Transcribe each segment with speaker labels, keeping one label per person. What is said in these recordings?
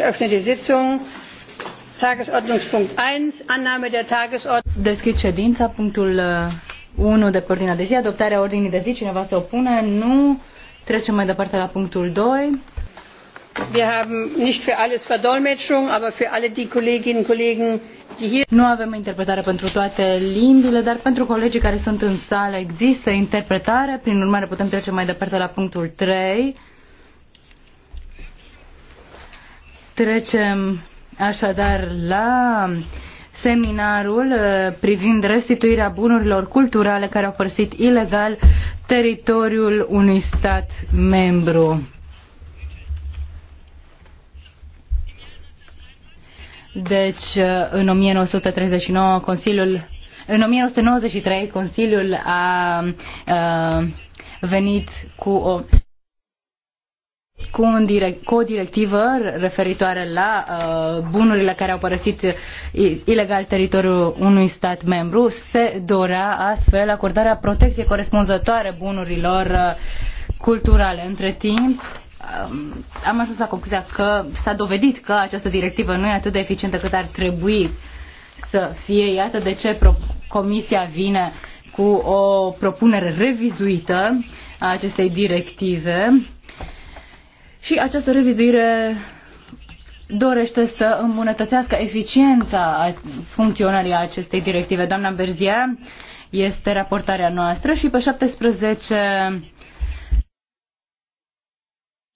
Speaker 1: Ich eröffne die Sitzung. Tagesordnungspunkt 1, Annahme der
Speaker 2: Tagesordnung. Deschid ședința, punctul 1 uh, de pe ordinea de zi, adoptarea ordinii de zi, cineva se opune, nu. Trecem mai departe la punctul 2. Wir haben nicht für alles Verdolmetschung, aber für alle die Kolleginnen und Kollegen, die hier Nu avem interpretare pentru toate limbile, dar pentru colegii care sunt în sală există interpretare, prin urmare putem trece mai departe la punctul 3 Trecem așadar la seminarul uh, privind restituirea bunurilor culturale care au părăsit ilegal teritoriul unui stat membru. Deci, uh, în 1939, Consiliul, în 1993, Consiliul a, a uh, venit cu o cu, un direct, cu o directivă referitoare la uh, bunurile care au părăsit ilegal teritoriul unui stat membru. Se dorea astfel acordarea protecției corespunzătoare bunurilor uh, culturale. Între timp, uh, am ajuns la concluzia că s-a dovedit că această directivă nu e atât de eficientă cât ar trebui să fie. Iată de ce Comisia vine cu o propunere revizuită a acestei directive și această revizuire dorește să îmbunătățească eficiența funcționării acestei directive. Doamna Berzia este raportarea noastră și pe 17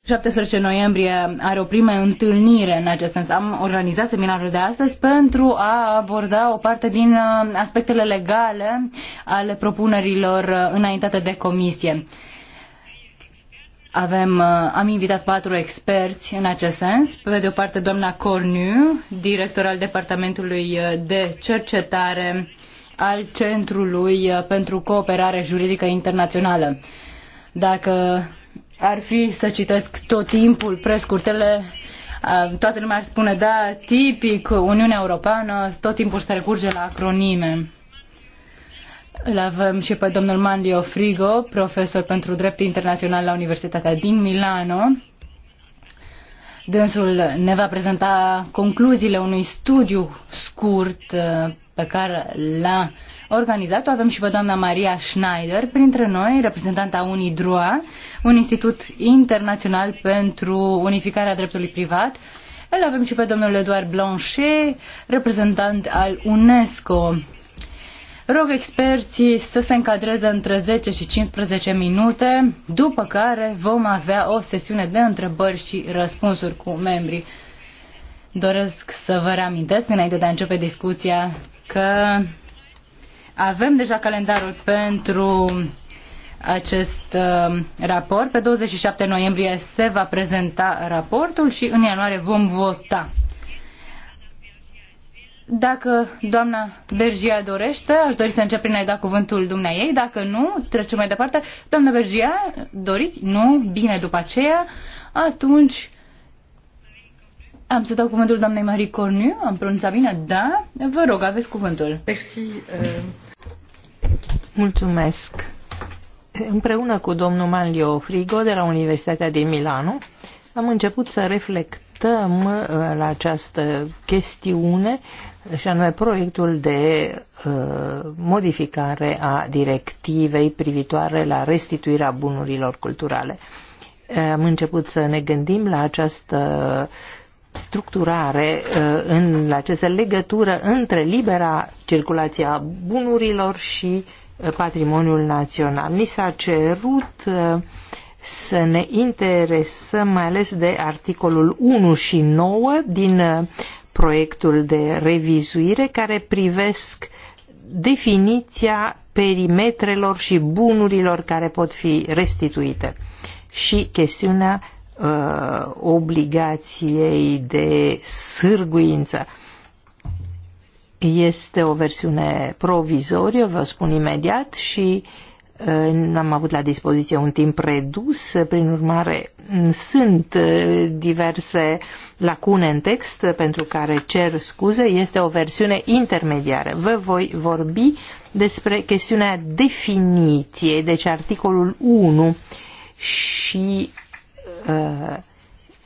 Speaker 2: 17 noiembrie are o primă întâlnire în acest sens. Am organizat seminarul de astăzi pentru a aborda o parte din uh, aspectele legale ale propunerilor uh, înaintate de comisie. Avem, uh, am invitat patru experți în acest sens. Pe de o parte, doamna Corniu, director al Departamentului uh, de Cercetare al Centrului uh, pentru Cooperare Juridică Internațională. Dacă ar fi să citesc tot timpul prescurtele, toată lumea ar spune, da, tipic Uniunea Europeană, tot timpul se recurge la acronime. Îl avem și pe domnul Manlio Frigo, profesor pentru drept internațional la Universitatea din Milano. Dânsul ne va prezenta concluziile unui studiu scurt uh, pe care l-a organizat. O avem și pe doamna Maria Schneider, printre noi, reprezentanta UNIDROA, un institut internațional pentru unificarea dreptului privat. Îl avem și pe domnul Eduard Blanchet, reprezentant al UNESCO. Rog experții să se încadreze între 10 și 15 minute, după care vom avea o sesiune de întrebări și răspunsuri cu membrii. Doresc să vă reamintesc, înainte de a începe discuția, că avem deja calendarul pentru acest uh, raport. Pe 27 noiembrie se va prezenta raportul și în ianuarie vom vota. Dacă doamna Bergia dorește, aș dori să încep prin a-i da cuvântul dumnea ei. Dacă nu, trecem mai departe. Doamna Bergia, doriți? Nu? Bine, după aceea. Atunci am să dau cuvântul doamnei Marie Cornu. Am pronunțat bine? Da? Vă rog, aveți cuvântul. Merci. Uh.
Speaker 1: Mulțumesc. Împreună cu domnul Manlio Frigo de la Universitatea din Milano, am început să reflect discutăm uh, la această chestiune și anume proiectul de uh, modificare a directivei privitoare la restituirea bunurilor culturale. Uh, am început să ne gândim la această structurare, uh, în, la această legătură între libera circulație a bunurilor și uh, patrimoniul național. Ni s-a cerut uh, să ne interesăm mai ales de articolul 1 și 9 din uh, proiectul de revizuire care privesc definiția perimetrelor și bunurilor care pot fi restituite și chestiunea uh, obligației de sârguință. Este o versiune provizorie, vă spun imediat, și uh, am avut la dispoziție un timp redus, prin urmare sunt uh, diverse lacune în text pentru care cer scuze. Este o versiune intermediară. Vă voi vorbi despre chestiunea definiției, deci articolul 1 și uh,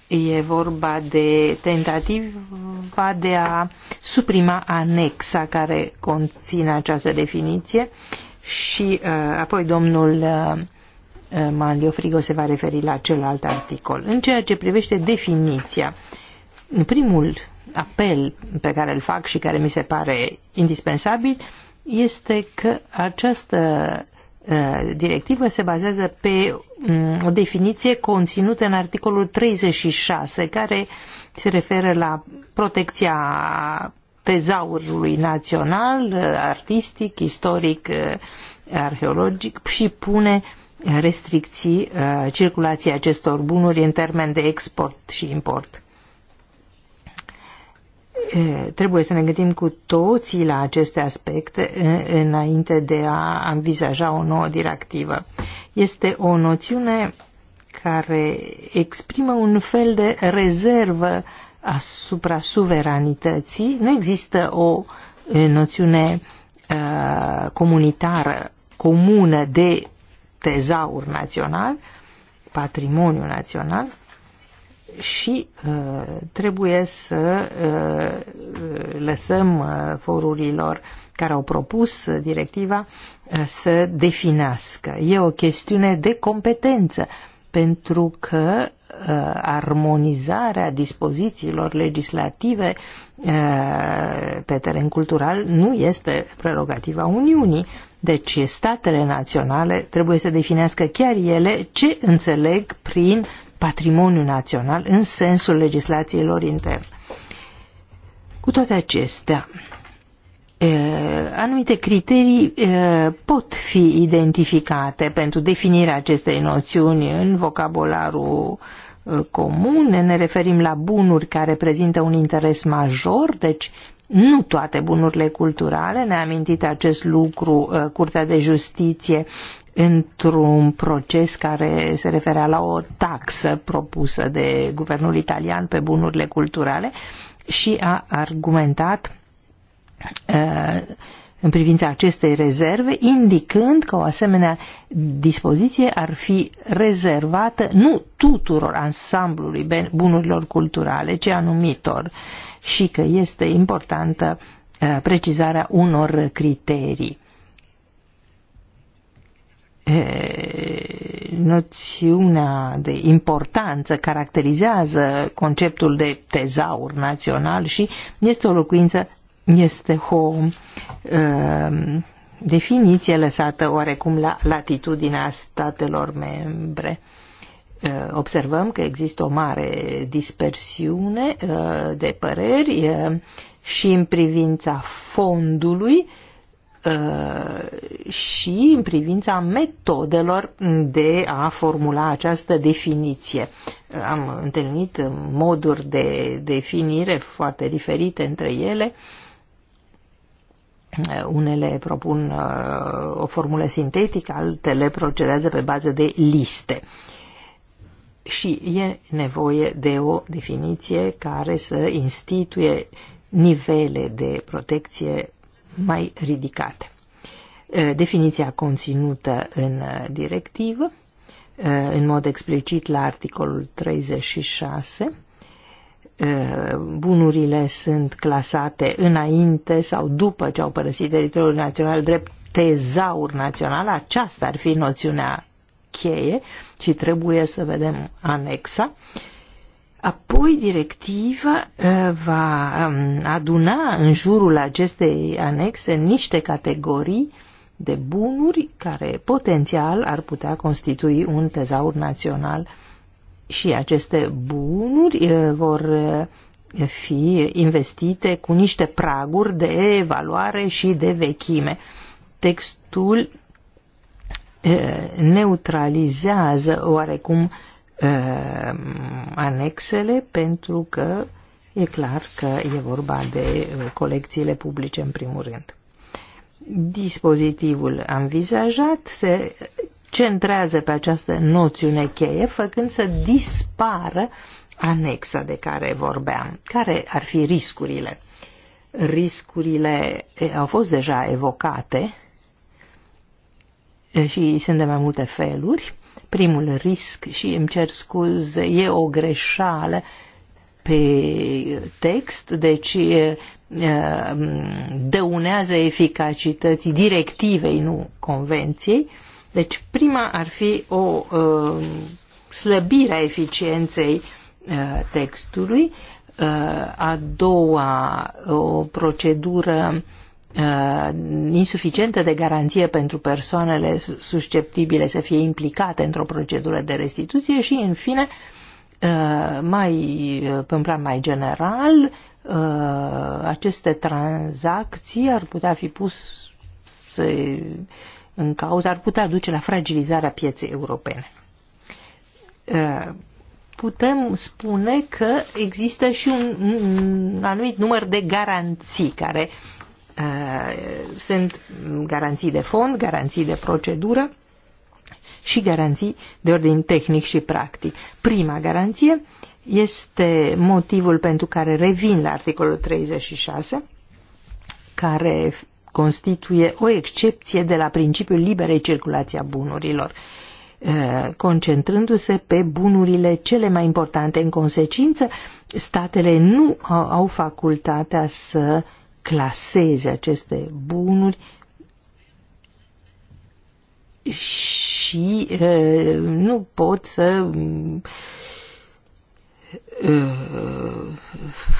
Speaker 1: e vorba de tentativa de a suprima anexa care conține această definiție. Uh, și uh, apoi domnul uh, uh, Manlio Frigo se va referi la celălalt articol. În ceea ce privește definiția, primul apel pe care îl fac și care mi se pare indispensabil este că această directivă se bazează pe mm, o definiție conținută în articolul 36 care se referă la protecția tezaurului național, uh, artistic, istoric, uh, arheologic și pune restricții uh, circulației acestor bunuri în termen de export și import. Trebuie să ne gândim cu toții la aceste aspecte înainte de a învizaja o nouă directivă. Este o noțiune care exprimă un fel de rezervă asupra suveranității, nu există o noțiune uh, comunitară, comună de tezaur național, patrimoniu național și uh, trebuie să uh, lăsăm uh, forurilor care au propus directiva să definească. E o chestiune de competență. Uh, pentru că uh, armonizarea dispozițiilor legislative uh, pe teren cultural nu este prerogativa Uniunii. Deci statele naționale trebuie să definească chiar ele ce înțeleg prin patrimoniu național în sensul legislațiilor interne. Cu toate acestea, anumite criterii pot fi identificate pentru definirea acestei noțiuni în vocabularul comun, ne referim la bunuri care prezintă un interes major, deci nu toate bunurile culturale, ne-a amintit acest lucru Curtea de Justiție într-un proces care se referea la o taxă propusă de guvernul italian pe bunurile culturale și a argumentat Uh, în privința acestei rezerve, indicând că o asemenea dispoziție ar fi rezervată nu tuturor ansamblului bunurilor culturale, ci anumitor, și că este importantă uh, precizarea unor criterii. Noțiunea de importanță caracterizează conceptul de tezaur național și este o locuință este o uh, definiție lăsată oarecum la latitudinea statelor membre. Uh, observăm că există o mare dispersiune uh, de păreri uh, și în privința fondului și în privința metodelor de a formula această definiție. Am întâlnit moduri de definire foarte diferite între ele Eh, unele propun eh, o formulă sintetică, altele procedează pe bază de liste. Și e nevoie de o definiție care să instituie nivele de protecție mai ridicate. Eh, definiția conținută în directivă, în mod explicit la articolul 36, bunurile sunt clasate înainte sau după ce au părăsit teritoriul național drept tezaur național, aceasta ar fi noțiunea cheie și trebuie să vedem anexa. Apoi directiva va um, aduna în jurul acestei anexe niște categorii de bunuri care potențial ar putea constitui un tezaur național și aceste bunuri vor fi investite cu niște praguri de valoare și de vechime. Textul neutralizează oarecum anexele pentru că e clar că e vorba de colecțiile publice în primul rând. Dispozitivul anvizajat se centrează pe această noțiune cheie, făcând să dispară anexa de care vorbeam. Care ar fi riscurile? Riscurile au fost deja evocate și sunt de mai multe feluri. Primul risc, și îmi cer scuze, e o greșeală pe text, deci dăunează eficacității directivei, nu convenției deci prima ar fi o uh, slăbire a eficienței uh, textului, uh, a doua o procedură uh, insuficientă de garanție pentru persoanele susceptibile să fie implicate într-o procedură de restituție și, în fine, uh, mai, pe un plan mai general, uh, aceste tranzacții ar putea fi pus să în cauză ar putea duce la fragilizarea pieței europene. Putem spune că există și un anumit număr de garanții care sunt garanții de fond, garanții de procedură și garanții de ordin tehnic și practic. Prima garanție este motivul pentru care revin la articolul 36, care constituie o excepție de la principiul liberei circulații a bunurilor, eh, concentrându-se pe bunurile cele mai importante. În consecință, statele nu au facultatea să claseze aceste bunuri și eh, nu pot să Uh,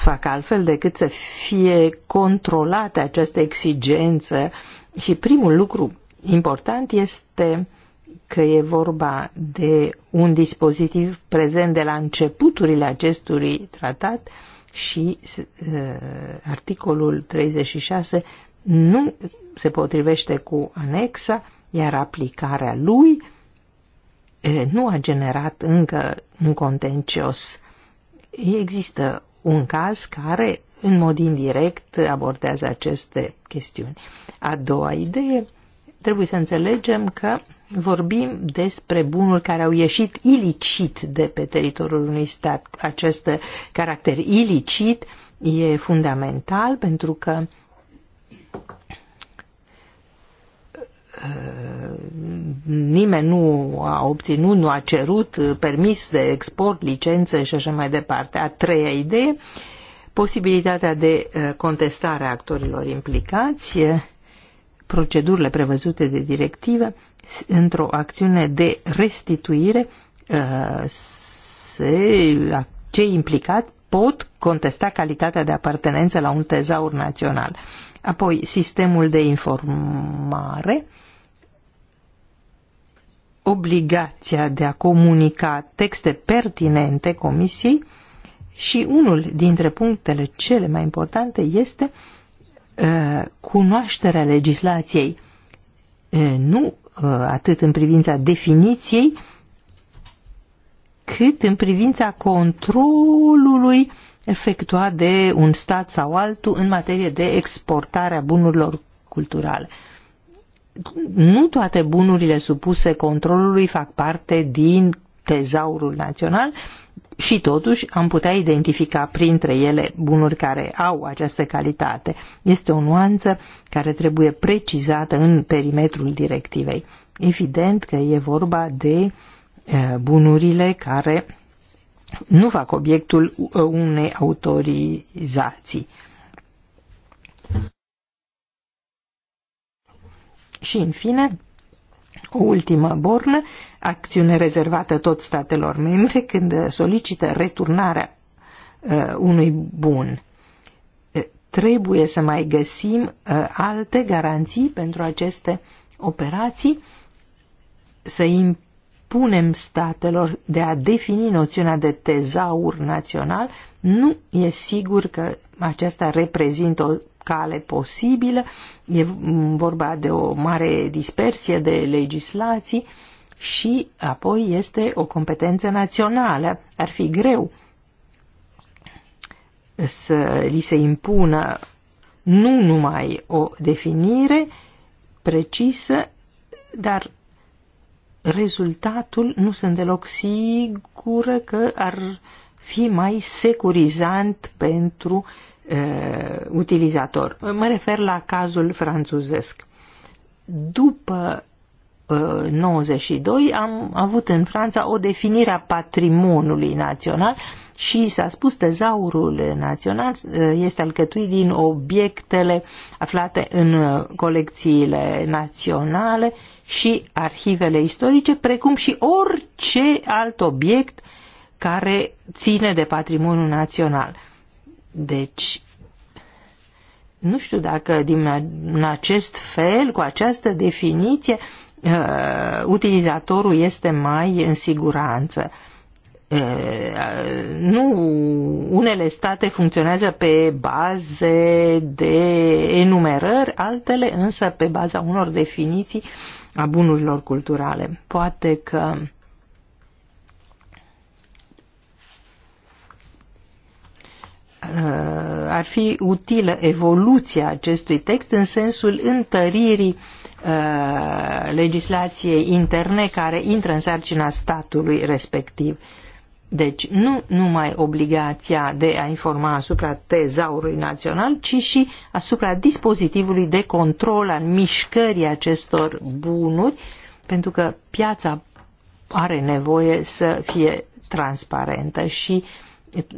Speaker 1: fac altfel decât să fie controlate această exigență. Și primul lucru important este că e vorba de un dispozitiv prezent de la începuturile acestui tratat și uh, articolul 36 nu se potrivește cu anexa, iar aplicarea lui uh, nu a generat încă un contencios Există un caz care, în mod indirect, abordează aceste chestiuni. A doua idee, trebuie să înțelegem că vorbim despre bunuri care au ieșit ilicit de pe teritoriul unui stat. Acest caracter ilicit e fundamental pentru că nimeni nu a obținut, nu a cerut uh, permis de export, licențe și așa mai departe. A treia idee, posibilitatea de uh, contestare a actorilor implicați, uh, procedurile prevăzute de directivă, într-o acțiune de restituire, se, cei implicați pot contesta calitatea de apartenență la un tezaur național. Apoi, sistemul de informare, uh, obligația de a comunica texte pertinente comisiei și unul dintre punctele cele mai importante este uh, cunoașterea legislației, uh, nu uh, atât în privința definiției, cât în privința controlului efectuat de un stat sau altul în materie de exportare a bunurilor culturale nu toate bunurile supuse controlului fac parte din tezaurul național și totuși am putea identifica printre ele bunuri care au această calitate. Este o nuanță care trebuie precizată în perimetrul directivei. Evident că e vorba de bunurile care nu fac obiectul unei autorizații. Și, în fine, o ultimă bornă, acțiune rezervată tot statelor membre când solicită returnarea uh, unui bun. Uh, trebuie să mai găsim uh, alte garanții pentru aceste operații, să impunem statelor de a defini noțiunea de tezaur național. Nu e sigur că aceasta reprezintă o cale posibilă. E vorba de o mare dispersie de legislații și apoi este o competență națională. Ar fi greu să li se impună nu numai o definire precisă, dar rezultatul nu sunt deloc sigură că ar fi mai securizant pentru Uh, utilizator. Mă refer la cazul franțuzesc. După 92 uh, am avut în Franța o definire a patrimoniului național și s-a spus tezaurul național uh, este alcătuit din obiectele aflate în colecțiile naționale și arhivele istorice, precum și orice alt obiect care ține de patrimoniul național. Deci, nu știu dacă din, în acest fel, cu această definiție, uh, utilizatorul este mai în siguranță. Uh, nu, unele state funcționează pe baze de enumerări, altele însă pe baza unor definiții a bunurilor culturale. Poate că Uh, ar fi utilă evoluția acestui text în sensul întăririi uh, legislației interne care intră în sarcina statului respectiv. Deci nu numai obligația de a informa asupra tezaurului național, ci și asupra dispozitivului de control al mișcării acestor bunuri, pentru că piața are nevoie să fie transparentă și uh,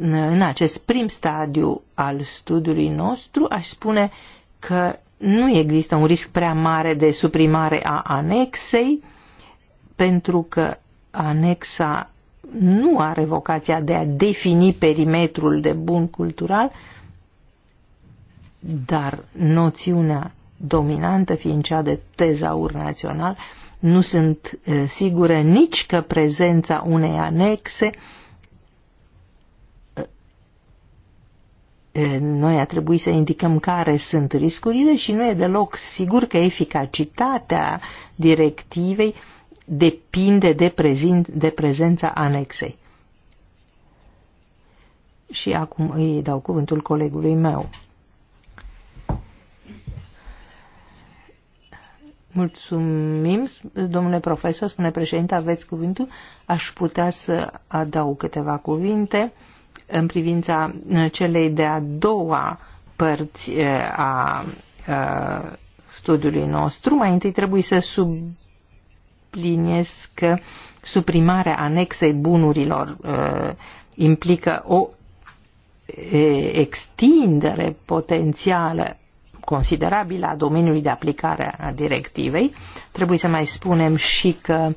Speaker 1: în acest prim stadiu al studiului nostru, aș spune că nu există un risc prea mare de suprimare a anexei, pentru că anexa nu are vocația de a defini perimetrul de bun cultural, dar noțiunea dominantă fiind cea de tezaur național, nu sunt eh, sigură nici că prezența unei anexe uh, noi a trebuit să indicăm care sunt riscurile și nu e deloc sigur că eficacitatea directivei depinde de, prezin, de prezența anexei. Și acum îi dau cuvântul colegului meu. Mulțumim, domnule profesor, spune președinte, aveți cuvântul. Aș putea să adaug câteva cuvinte în privința uh, celei de-a doua părți uh, a uh, studiului nostru. Mai întâi trebuie să subliniez că suprimarea anexei bunurilor implică o extindere potențială considerabilă a domeniului de aplicare a directivei. Trebuie să mai spunem și că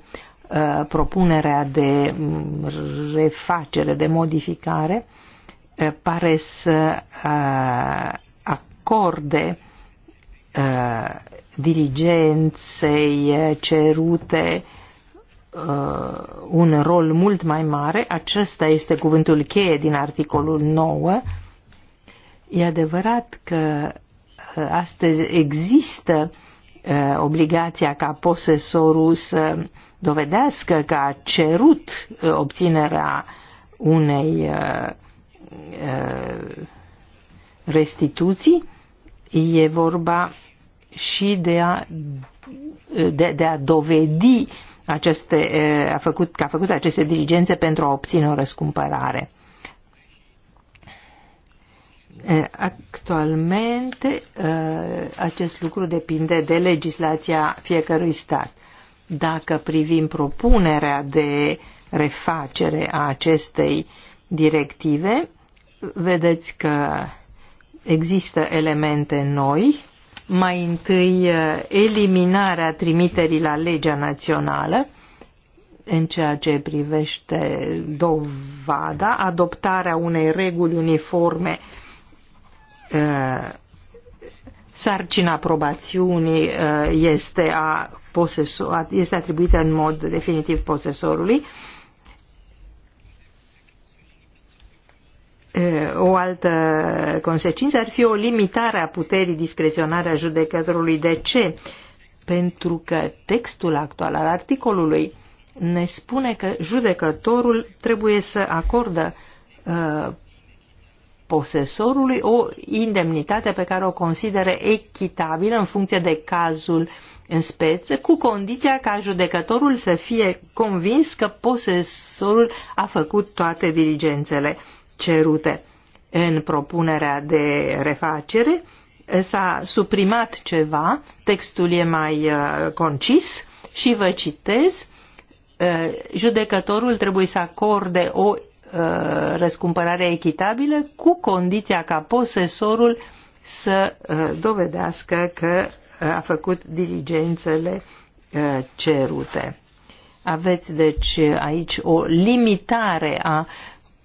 Speaker 1: Uh, propunerea de mm, refacere, de modificare, uh, pare să uh, acorde diligenței cerute un rol mult mai mare. Acesta este cuvântul cheie din articolul 9. E adevărat că astăzi există obligația ca posesorul să dovedească că a cerut uh, obținerea unei uh, uh, restituții, e vorba și de a, de, de a dovedi aceste, a făcut, că a făcut aceste diligențe pentru a obține o răscumpărare. Actualmente acest lucru depinde de legislația fiecărui stat. Dacă privim propunerea de refacere a acestei directive, vedeți că există elemente noi. Mai întâi, eliminarea trimiterii la legea națională în ceea ce privește dovada, adoptarea unei reguli uniforme, uh, sarcina aprobațiunii uh, este a posesor, este atribuită în mod definitiv posesorului. O altă consecință ar fi o limitare a puterii discreționare a judecătorului. De ce? Pentru că textul actual al articolului ne spune că judecătorul trebuie să acordă uh, posesorului o indemnitate pe care o consideră echitabilă în funcție de cazul în speță, cu condiția ca judecătorul să fie convins că posesorul a făcut toate diligențele cerute. În propunerea de refacere s-a suprimat ceva, textul e mai uh, concis și vă citez, uh, judecătorul trebuie să acorde o uh, răscumpărare echitabilă cu condiția ca posesorul să dovedească că a făcut diligențele uh, cerute. Aveți deci aici o limitare a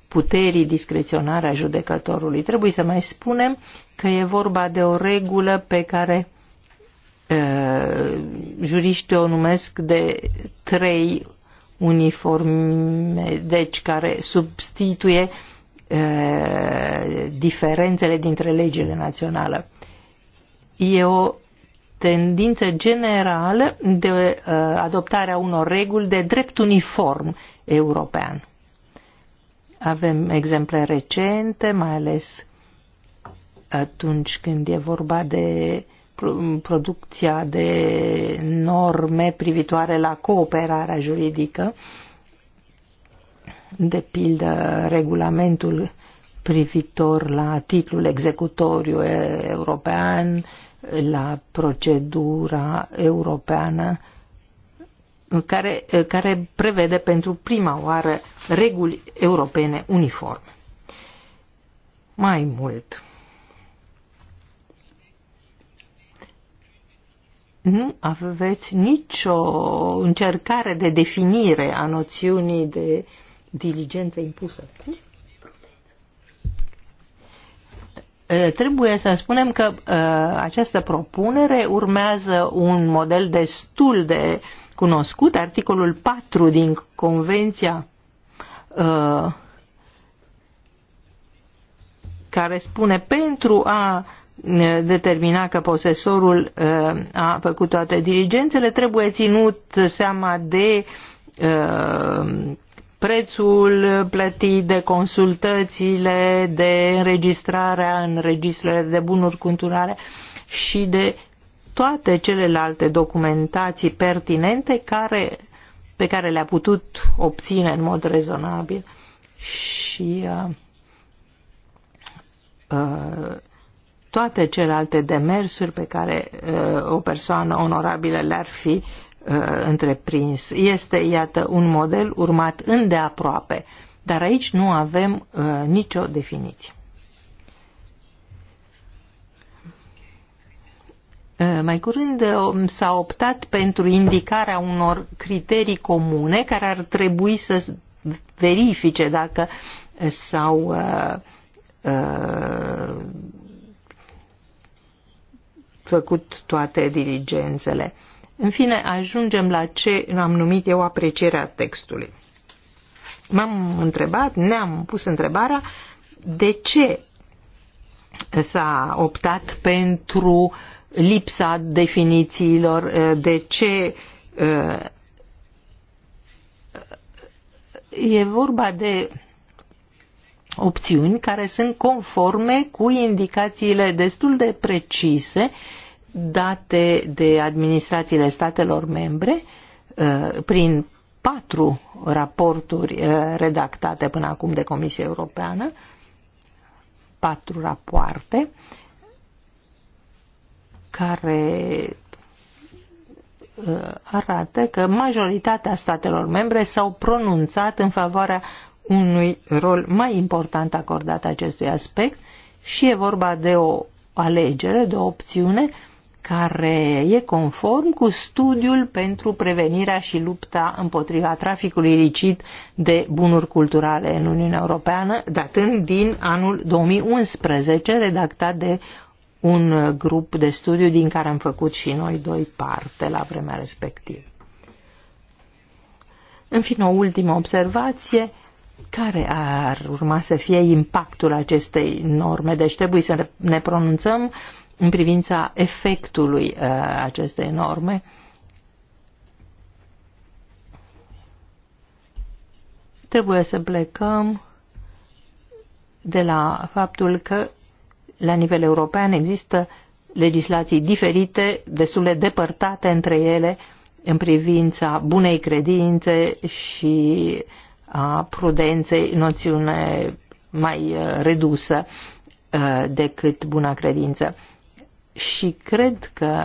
Speaker 1: puterii discreționare a judecătorului. Trebuie să mai spunem că e vorba de o regulă pe care uh, juriștii o numesc de trei uniforme, deci care substituie uh, diferențele dintre legile naționale. E o tendință generală de uh, adoptarea unor reguli de drept uniform european. Avem exemple recente, mai ales atunci când e vorba de producția de norme privitoare la cooperarea juridică, de pildă regulamentul privitor la titlul executoriu european la procedura europeană care, care prevede pentru prima oară reguli europene uniforme. Mai mult, nu aveți nicio încercare de definire a noțiunii de diligență impusă. trebuie să spunem că această propunere urmează un model destul de cunoscut, articolul 4 din Convenția care spune pentru a determina că posesorul a făcut toate diligențele, trebuie ținut seama de prețul plătit de consultățile, de înregistrarea în registrele de bunuri culturale și de toate celelalte documentații pertinente care, pe care le-a putut obține în mod rezonabil. Și uh, uh, toate celelalte demersuri pe care uh, o persoană onorabilă le-ar fi Uh, întreprins. Este, iată, un model urmat îndeaproape, dar aici nu avem uh, nicio definiție. Uh, mai curând s-a optat pentru indicarea unor criterii comune care ar trebui să verifice dacă s-au uh, uh, făcut toate diligențele. În fine, ajungem la ce am numit eu aprecierea textului. M-am întrebat, ne-am pus întrebarea de ce s-a optat pentru lipsa definițiilor, eh, de ce eh, e vorba de opțiuni care sunt conforme cu indicațiile destul de precise date de administrațiile statelor membre uh, prin patru raporturi uh, redactate până acum de Comisia Europeană, patru rapoarte care uh, arată că majoritatea statelor membre s-au pronunțat în favoarea unui rol mai important acordat acestui aspect și e vorba de o alegere, de o opțiune care e conform cu studiul pentru prevenirea și lupta împotriva traficului ilicit de bunuri culturale în Uniunea Europeană, datând din anul 2011, redactat de un grup de studiu din care am făcut și noi doi parte la vremea respectivă. În fine, o ultimă observație, care ar urma să fie impactul acestei norme? Deci trebuie să ne pronunțăm uh, în privința efectului uh, acestei norme. Trebuie să plecăm de la faptul că la nivel european există legislații diferite, destul de depărtate între ele în privința bunei credințe și a prudenței, noțiune mai uh, redusă uh, decât buna credință și cred că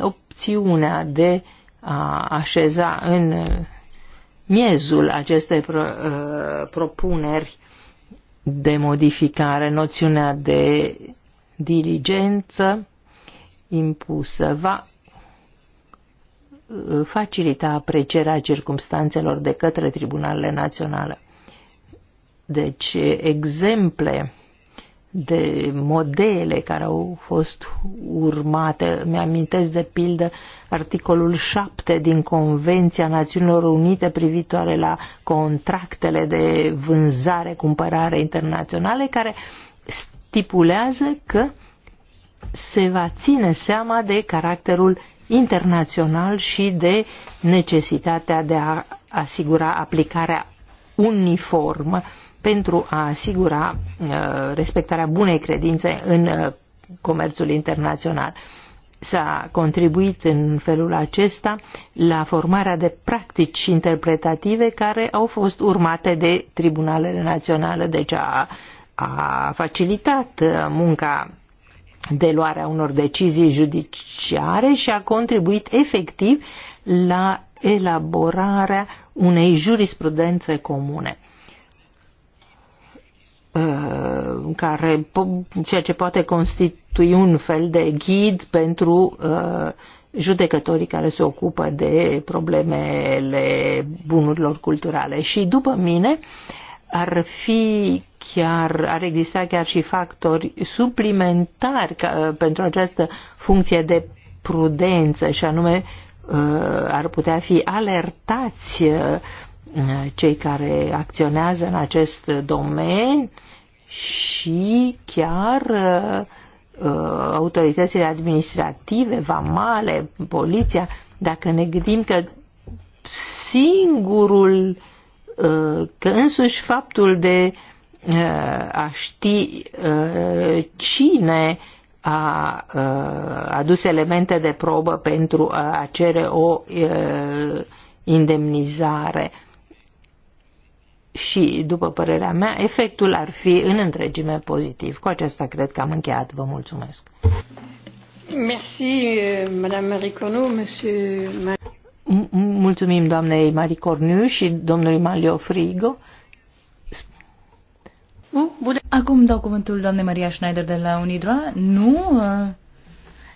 Speaker 1: opțiunea de a așeza în miezul acestei pro, uh, propuneri de modificare noțiunea de diligență impusă va uh, facilita aprecierea circumstanțelor de către tribunalele naționale. Deci, exemple de modele care au fost urmate. Mi-amintesc de pildă articolul 7 din Convenția Națiunilor Unite privitoare la contractele de vânzare-cumpărare internaționale care stipulează că se va ține seama de caracterul internațional și de necesitatea de a asigura aplicarea uniformă pentru a asigura uh, respectarea bunei credințe în uh, comerțul internațional. S-a contribuit în felul acesta la formarea de practici interpretative care au fost urmate de tribunalele naționale, deci a, a facilitat uh, munca de luarea unor decizii judiciare și a contribuit efectiv la elaborarea unei jurisprudențe comune. Uh, care, ceea ce poate constitui un fel de ghid pentru uh, judecătorii care se ocupă de problemele bunurilor culturale. Și după mine ar fi chiar, ar exista chiar și factori suplimentari ca, uh, pentru această funcție de prudență și anume ar putea fi alertați cei care acționează în acest domeniu și chiar uh, autoritățile administrative, vamale, poliția, dacă ne gândim că singurul, uh, că însuși faptul de uh, a ști cine a adus elemente de probă pentru a cere o indemnizare și, după părerea mea, efectul ar fi în întregime pozitiv. Cu acesta cred că am încheiat. Vă mulțumesc. Merci, euh, Madame Monsieur... Mulțumim doamnei Maricornu și domnului Malio Frigo.
Speaker 2: Acum dau cuvântul doamnei Maria Schneider de la Unidroa. Nu, uh,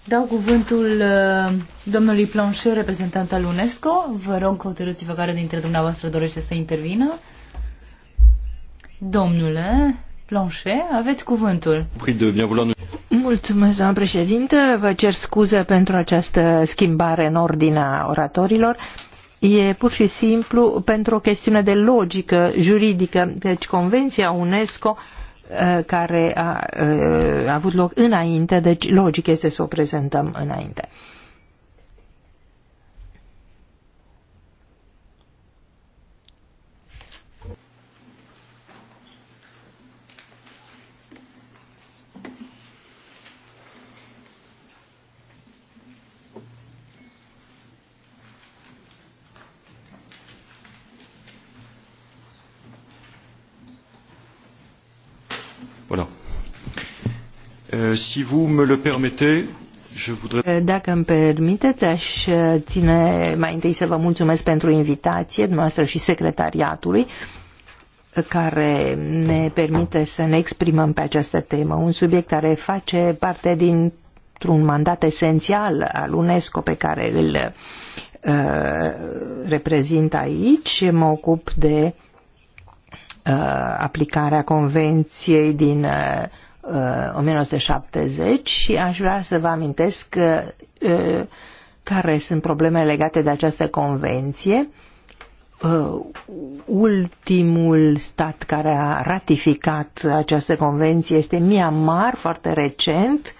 Speaker 2: dau cuvântul uh, domnului Plancher, reprezentant al UNESCO. Vă rog, hotărâți-vă care dintre dumneavoastră dorește să intervină. Domnule Planșe, aveți
Speaker 1: cuvântul. Mulțumesc, doamnă președinte. Vă cer scuze pentru această schimbare în ordinea oratorilor. E pur și simplu pentru o chestiune de logică juridică. Deci, Convenția UNESCO uh, care a, a, uh, a avut loc înainte, deci logic este să o prezentăm înainte.
Speaker 2: Euh, si vous me le permettez, je voudrais...
Speaker 1: Eh, dacă îmi permiteți, aș eh, ține mai întâi să vă mulțumesc pentru invitație dumneavoastră și secretariatului eh, care ne permite să ne exprimăm pe această temă, un subiect care face parte dintr-un mandat esențial al UNESCO pe care îl uh, reprezint aici. Mă ocup de uh, aplicarea Convenției din uh, 1970 uh, și aș vrea să vă amintesc uh, care sunt problemele legate de această convenție. Uh, ultimul stat care a ratificat această convenție este Myanmar, foarte recent,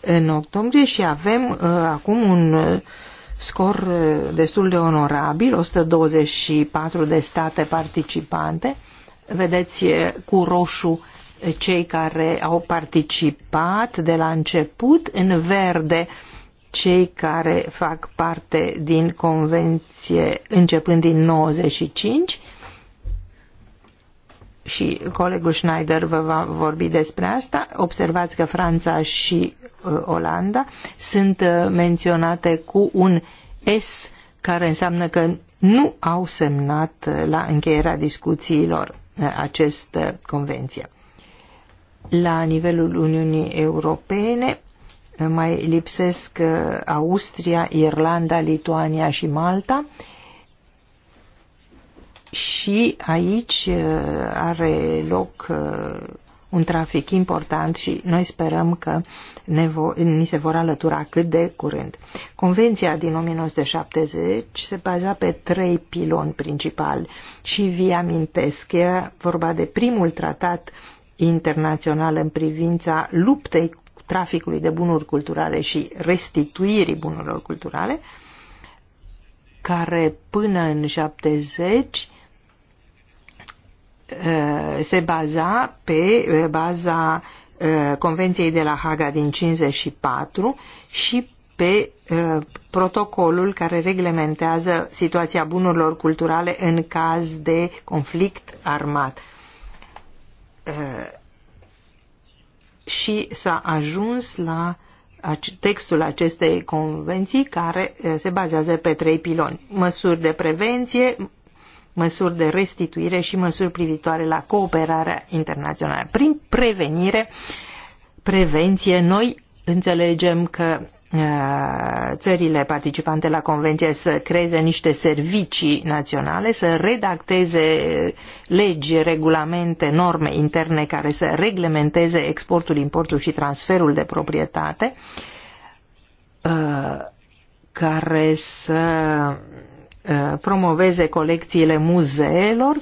Speaker 1: în octombrie și avem acum un scor destul de onorabil, 124 de state participante. Vedeți cu roșu cei care au participat de la început, în verde cei care fac parte din convenție începând din 95 și colegul Schneider vă va vorbi despre asta. Observați că Franța și uh, Olanda sunt uh, menționate cu un S care înseamnă că nu au semnat uh, la încheierea discuțiilor uh, această uh, convenție la nivelul Uniunii Europene mai lipsesc uh, Austria, Irlanda, Lituania și Malta și aici uh, are loc uh, un trafic important și noi sperăm că ne vo- ni se vor alătura cât de curând. Convenția din 1970 se baza pe trei piloni principali și vi amintesc, că vorba de primul tratat Internațională în privința luptei traficului de bunuri culturale și restituirii bunurilor culturale, care până în 70 eh, se baza pe eh, baza eh, Convenției de la Haga din 54 și pe protocolul care reglementează situația bunurilor culturale în caz de conflict armat. Eh, și s-a ajuns la textul acestei convenții care eh, se bazează pe trei piloni. Măsuri de prevenție, măsuri de restituire și măsuri privitoare la cooperarea internațională. Prin prevenire, prevenție, noi înțelegem că Uh, țările participante la convenție să creeze niște servicii naționale, să redacteze legi, regulamente, norme interne care să reglementeze exportul, importul și transferul de proprietate, uh, care să uh, promoveze colecțiile muzeelor,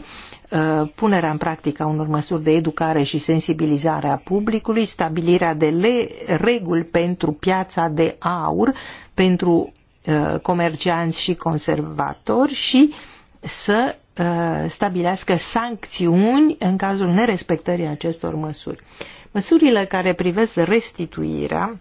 Speaker 1: Uh, punerea în practică a unor măsuri de educare și sensibilizare a publicului, stabilirea de reguli pentru piața de aur, pentru uh, comercianți și conservatori și să uh, stabilească sancțiuni în cazul nerespectării acestor măsuri. Măsurile care privesc restituirea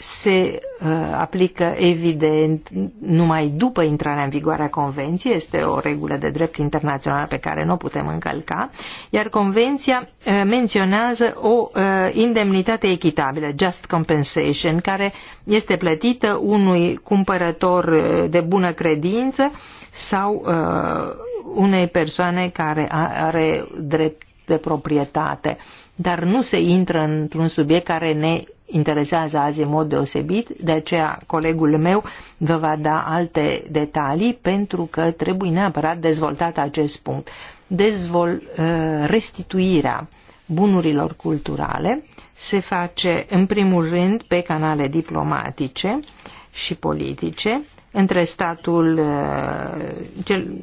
Speaker 1: se uh, aplică evident numai după intrarea în vigoare a convenției, este o regulă de drept internațional pe care nu o putem încălca, iar convenția uh, menționează o uh, indemnitate echitabilă, just compensation, care este plătită unui cumpărător uh, de bună credință sau uh, unei persoane care are drept de proprietate dar nu se intră într-un subiect care ne interesează azi în mod deosebit, de aceea colegul meu vă va da alte detalii pentru că trebuie neapărat dezvoltat acest punct. Dezvol, uh, restituirea bunurilor culturale se face în primul rând pe canale diplomatice și politice între statul uh, cel,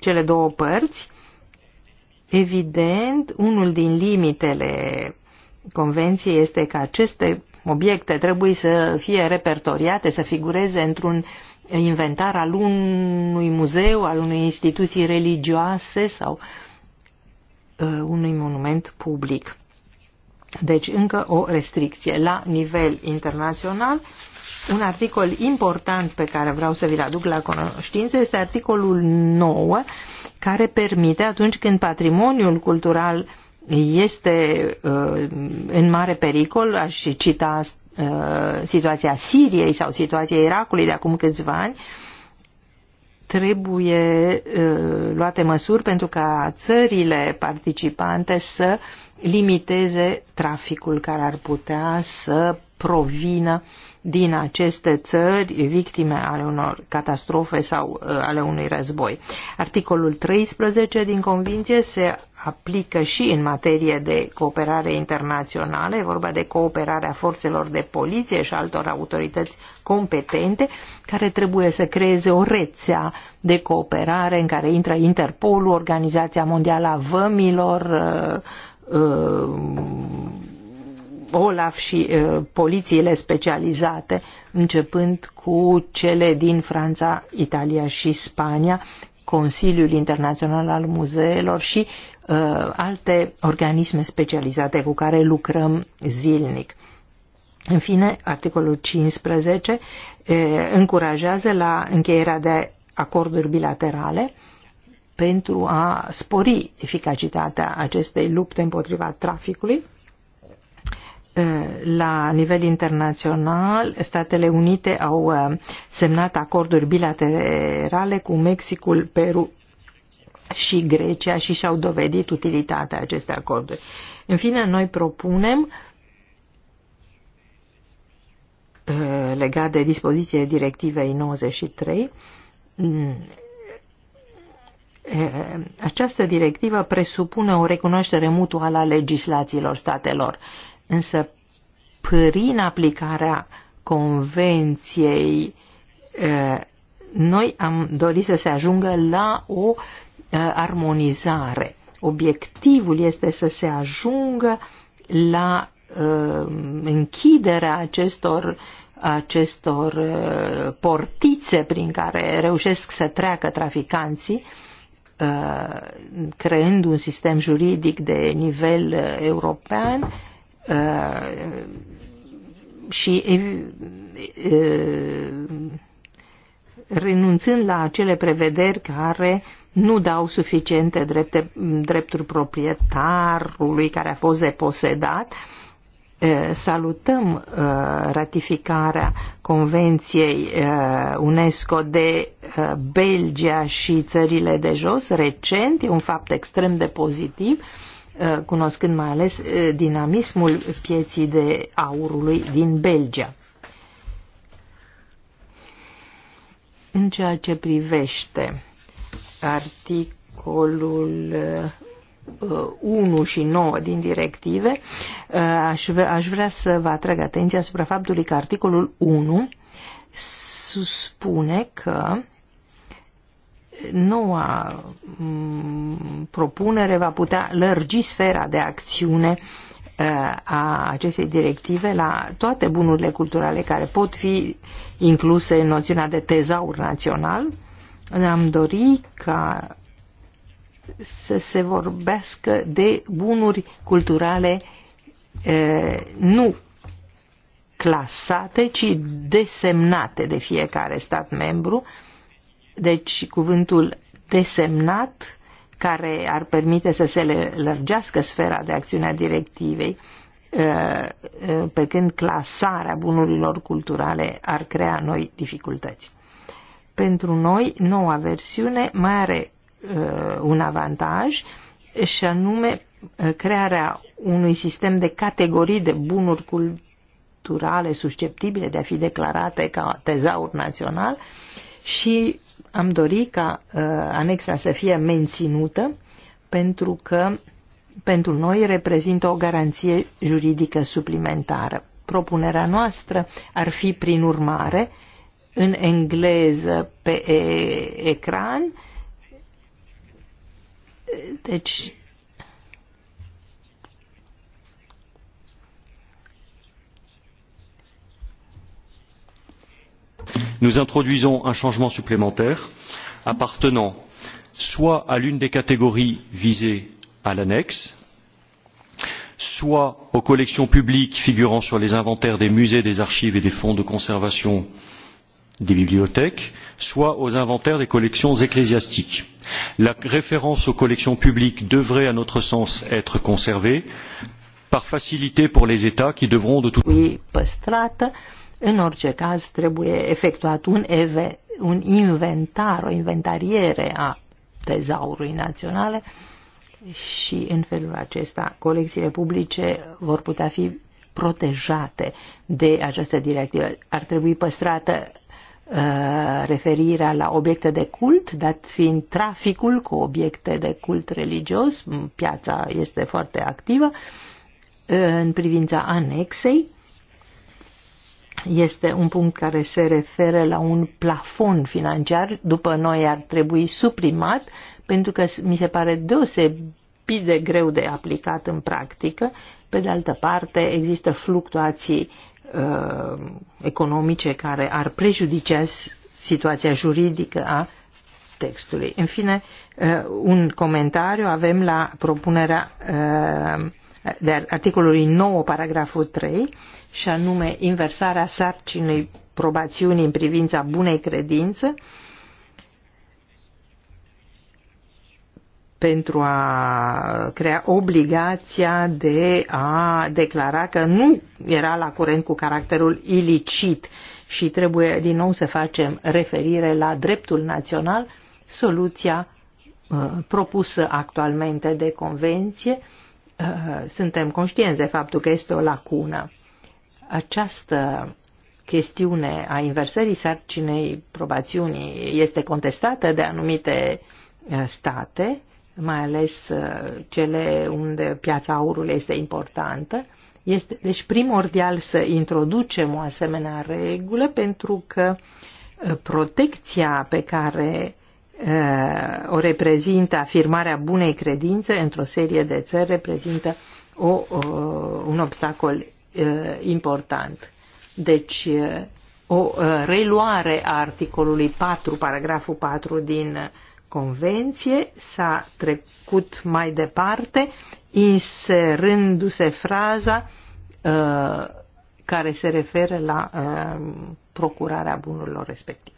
Speaker 1: cele două părți Evident, unul din limitele convenției este că aceste obiecte trebuie să fie repertoriate, să figureze într-un inventar al unui muzeu, al unei instituții religioase sau uh, unui monument public. Deci încă o restricție. La nivel internațional, un articol important pe care vreau să vi-l aduc la cunoștință este articolul 9, care permite atunci când patrimoniul cultural uh, este uh, în mare pericol, aș cita uh, situația Siriei sau situația Irakului de acum câțiva ani, trebuie uh, luate măsuri pentru ca țările participante să limiteze traficul care ar putea să provină uh, din aceste țări victime ale unor catastrofe sau uh, ale unui război. Articolul 13 din Convinție se aplică și în materie de cooperare internațională, e vorba de cooperarea forțelor de poliție și altor autorități competente care trebuie să creeze o rețea de cooperare în care intră Interpolul, Organizația Mondială a Vămilor, uh, uh, OLAF și polițiile specializate, începând cu cele din Franța, Italia și Spania, Consiliul Internațional al Muzeelor și uh, alte organisme specializate cu care lucrăm zilnic. În fine, articolul 15 eh, încurajează la încheierea de acorduri bilaterale pentru a spori eficacitatea acestei lupte împotriva traficului Eh, la nivel internațional, Statele Unite au eh, semnat acorduri bilaterale cu Mexicul, Peru și Grecia și și-au dovedit utilitatea acestei acorduri. În fine, noi propunem eh, legat de dispoziție directivei 93 mm, această directivă presupune o recunoaștere mutuală a legislațiilor statelor Însă, prin aplicarea convenției, noi am dorit să se ajungă la o armonizare. Obiectivul este să se ajungă la închiderea acestor acestor portițe prin care reușesc să treacă traficanții, creând un sistem juridic de nivel european, Uh, și uh, uh, renunțând la acele prevederi care nu dau suficiente drepte, drepturi proprietarului care a fost deposedat, salutăm ratificarea Convenției UNESCO de Belgia și țările de jos recent, e un fapt extrem de pozitiv, Uh, cunoscând mai ales uh, dinamismul pieții de aurului din Belgia. În ceea ce privește articolul 1 uh, și 9 din directive, aș, aș vrea să vă atrag atenția asupra faptului că articolul 1 spune că noua mm, propunere va putea lărgi sfera de acțiune eh, a acestei directive la toate bunurile culturale care pot fi incluse în noțiunea de tezaur național. Am dori ca să se vorbească de bunuri culturale eh, nu clasate, ci desemnate de fiecare stat membru, deci cuvântul desemnat care ar permite să se lărgească sfera de acțiune a directivei, uh, uh, pe când clasarea bunurilor culturale ar crea noi dificultăți. Pentru noi, noua versiune mai are uh, un avantaj și anume crearea unui sistem de categorii de bunuri culturale susceptibile de a fi declarate ca tezaur național și am dorit ca uh, anexa să fie menținută pentru că pentru noi reprezintă o garanție juridică suplimentară. Propunerea noastră ar fi, prin urmare, în engleză pe ecran, deci nous introduisons un changement supplémentaire appartenant soit à l'une des catégories visées à l'annexe soit aux collections publiques figurant sur les inventaires des musées des archives et des fonds de conservation des bibliothèques soit aux inventaires des collections ecclésiastiques. la référence aux collections publiques devrait à notre sens être conservée par facilité pour les états qui devront de toute façon. În orice caz, trebuie efectuat un, EV, un inventar, o inventariere a tezaurului naționale și în felul acesta colecțiile publice vor putea fi protejate de această directivă. Ar trebui păstrată uh, referirea la obiecte de cult, dat fiind traficul cu obiecte de cult religios, piața este foarte activă, în privința anexei, este un punct care se referă la un plafon financiar, după noi ar trebui suprimat, pentru că mi se pare deosebit de greu de aplicat în practică. Pe de altă parte, există fluctuații uh, economice care ar prejudicia situația juridică a textului. În fine, uh, un comentariu avem la propunerea uh, de articolului 9, paragraful 3, și anume inversarea sarcinii probațiunii în privința bunei credințe pentru a crea obligația de a declara că nu era la curent cu caracterul ilicit și trebuie din nou să facem referire la dreptul național, soluția uh, propusă actualmente de convenție. Uh, suntem conștienți de faptul că este o lacună această chestiune a inversării sarcinei probațiunii este contestată de anumite uh, state, mai ales uh, cele unde piața aurului este importantă. Este deci primordial să introducem o asemenea regulă pentru că uh, protecția pe care o reprezintă afirmarea bunei credințe într-o serie de țări reprezintă o, o, un obstacol Uh, important. Deci, uh, o uh, reluare a articolului 4, paragraful 4 din convenție, s-a trecut mai departe, inserându-se fraza uh, care se referă la uh, procurarea bunurilor respective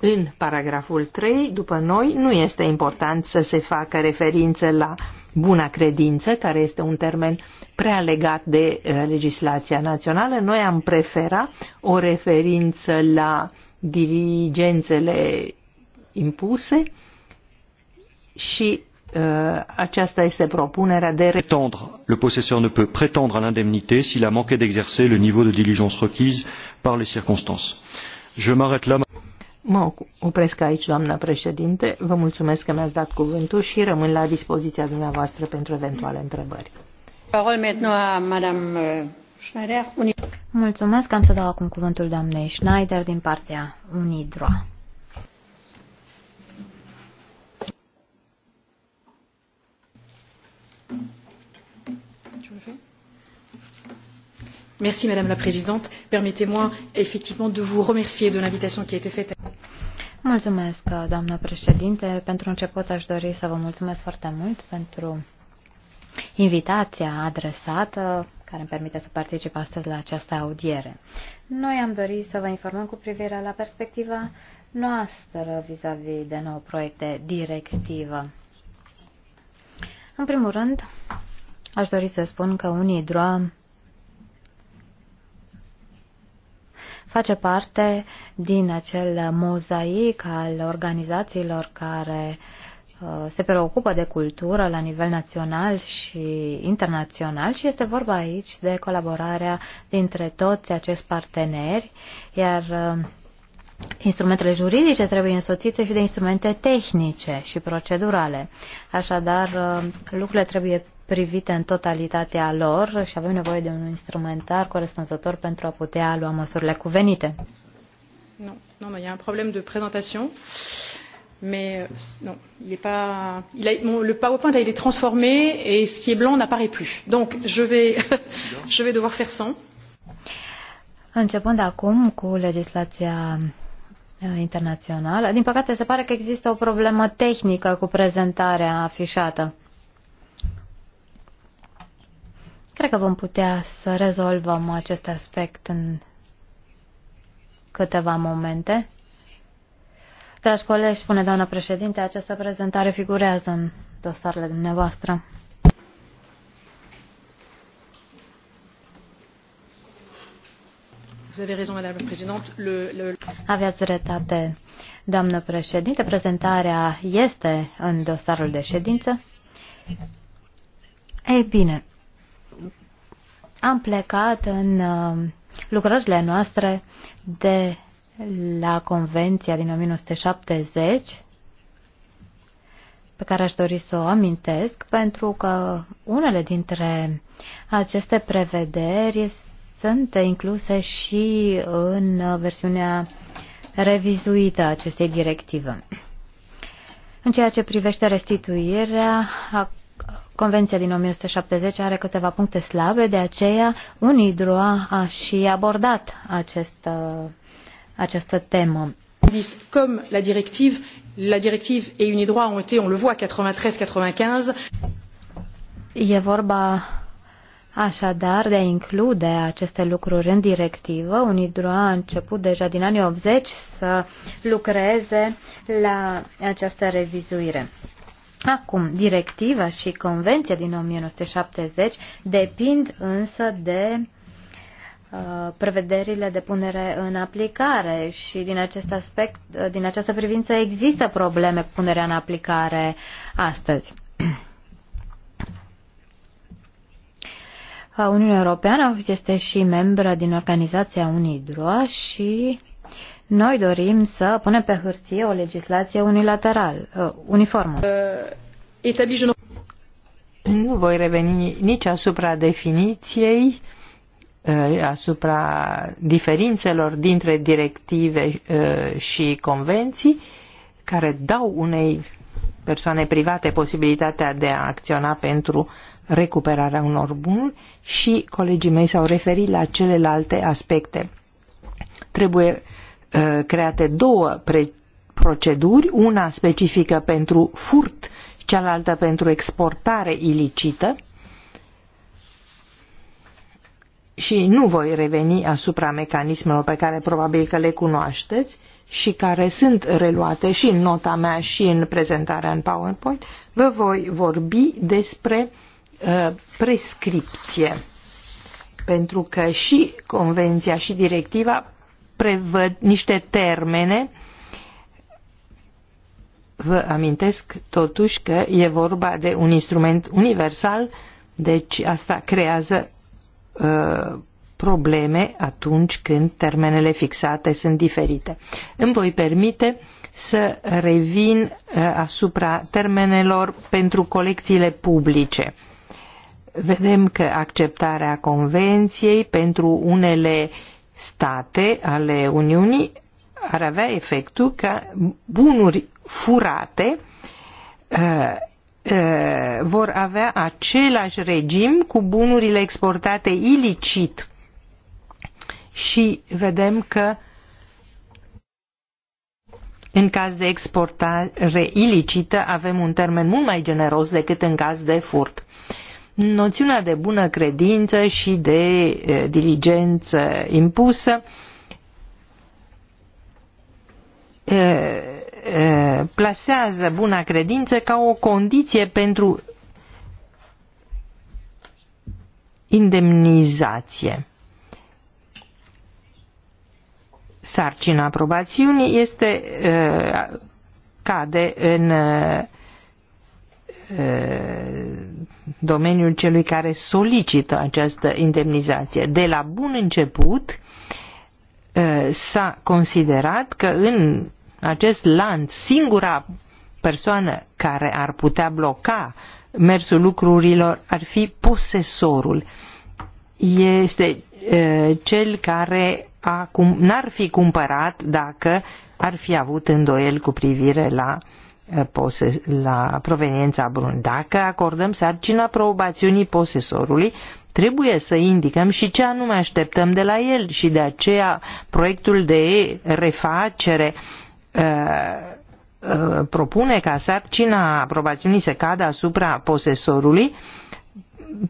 Speaker 1: în paragraful 3, după noi, nu este important să se facă referință la buna credință, care este un termen prea legat de eh, legislația națională. Noi am prefera o referință la dirigențele impuse și Uh, aceasta este propunerea de retendre. Le posesor ne peut prétendre à l'indemnité s'il a manqué d'exercer le niveau de diligence requise par les circonstances. Je m'arrête là. Mă opresc aici, doamnă președinte. Vă mulțumesc că mi-ați dat cuvântul și rămân la dispoziția dumneavoastră pentru eventuale întrebări.
Speaker 3: Euh, mulțumesc, am să dau acum cuvântul doamnei Schneider din partea Unidroa.
Speaker 2: Madame la Présidente. Permettez-moi
Speaker 3: effectivement de vous remercier de l'invitation qui a été faite. Mulțumesc, doamnă președinte. Pentru început aș dori să vă mulțumesc foarte mult pentru invitația adresată care îmi permite să particip astăzi la această audiere. Noi am dorit să vă informăm cu privire la perspectiva noastră vis-a-vis de nou proiect de directivă. În primul rând, aș dori să spun că unii face parte din acel mozaic al organizațiilor care uh, se preocupă de cultură la nivel național și internațional și este vorba aici de colaborarea dintre toți acești parteneri, iar uh, Instrumentele juridice trebuie însoțite și de instrumente tehnice și procedurale. Așadar, uh, lucrurile trebuie privite în totalitatea lor și avem nevoie de un instrumentar corespunzător pentru a putea lua măsurile cuvenite.
Speaker 2: Nu, nu, mai e un problem de prezentare, Mais non, il est pas. Il a, bon, le PowerPoint a été transformé et ce qui est blanc n'apparaît plus. Donc je vais, je vais devoir faire sans.
Speaker 3: Începând acum cu legislația uh, internațională, din păcate se pare că există o problemă tehnică cu prezentarea afișată. Cred că vom putea să rezolvăm acest aspect în câteva momente. Dragi colegi, spune doamna președinte, această prezentare figurează în dosarele dumneavoastră. Aveți dreptate, doamnă președinte. Prezentarea este în dosarul de ședință. Ei bine, am plecat în uh, lucrările noastre de la Convenția din 1970, pe care aș dori să o amintesc, pentru că unele dintre aceste prevederi sunt incluse și în versiunea revizuită a acestei directive. În ceea ce privește restituirea, Convenția din 1970 are câteva puncte slabe, de aceea UNIDROA a și abordat această, uh, această temă.
Speaker 2: Cum la directive, la directive et UNIDROA ont été, on le voit, 93-95.
Speaker 3: E vorba Așadar, de a include aceste lucruri în directivă, UNIDROA a început deja din anii 80 să lucreze la această revizuire. Acum, directiva și convenția din 1970 depind însă de uh, prevederile de punere în aplicare și din acest aspect, uh, din această privință există probleme cu punerea în aplicare astăzi. Uh, Uniunea Europeană este și membră din organizația UNIDROA și noi dorim să punem pe hârtie o legislație unilateral, uh,
Speaker 1: uniformă. Uh, nu voi reveni nici asupra definiției, uh, asupra diferințelor dintre directive și convenții care dau unei persoane private posibilitatea de a acționa pentru recuperarea unor bunuri și colegii mei s-au referit la celelalte aspecte. Trebuie Uh, create două proceduri, una specifică pentru furt, cealaltă pentru exportare ilicită. Și nu voi reveni asupra mecanismelor pe care probabil că le cunoașteți și care sunt reluate și în nota mea și în prezentarea în PowerPoint, vă voi vorbi despre uh, prescripție. Pentru că și Convenția și Directiva prevăd niște termene. Vă amintesc totuși că e vorba de un instrument universal, deci asta creează uh, probleme atunci când termenele fixate sunt diferite. Îmi voi permite să revin uh, asupra termenelor pentru colecțiile publice vedem că acceptarea convenției pentru unele state ale Uniunii ar avea efectul că bunuri furate uh, uh, vor avea același regim cu bunurile exportate ilicit. Și vedem că în caz de exportare ilicită avem un termen mult mai generos decât în caz de furt noțiunea de bună credință și de diligență impusă plasează buna credință ca o condiție pentru indemnizație. Sarcina aprobațiunii este cade în Eh, domeniul celui care solicită această indemnizație. De la bun început eh, s-a considerat că în acest lanț singura persoană care ar putea bloca mersul lucrurilor ar fi posesorul. Este eh, cel care n-ar fi cumpărat dacă ar fi avut îndoiel cu privire la uh, Eh, la proveniența brun. Dacă acordăm sarcina probațiunii posesorului, trebuie să indicăm și ce anume așteptăm de la el și de aceea proiectul de refacere eh, eh, propune ca sarcina aprobațiunii să cadă asupra posesorului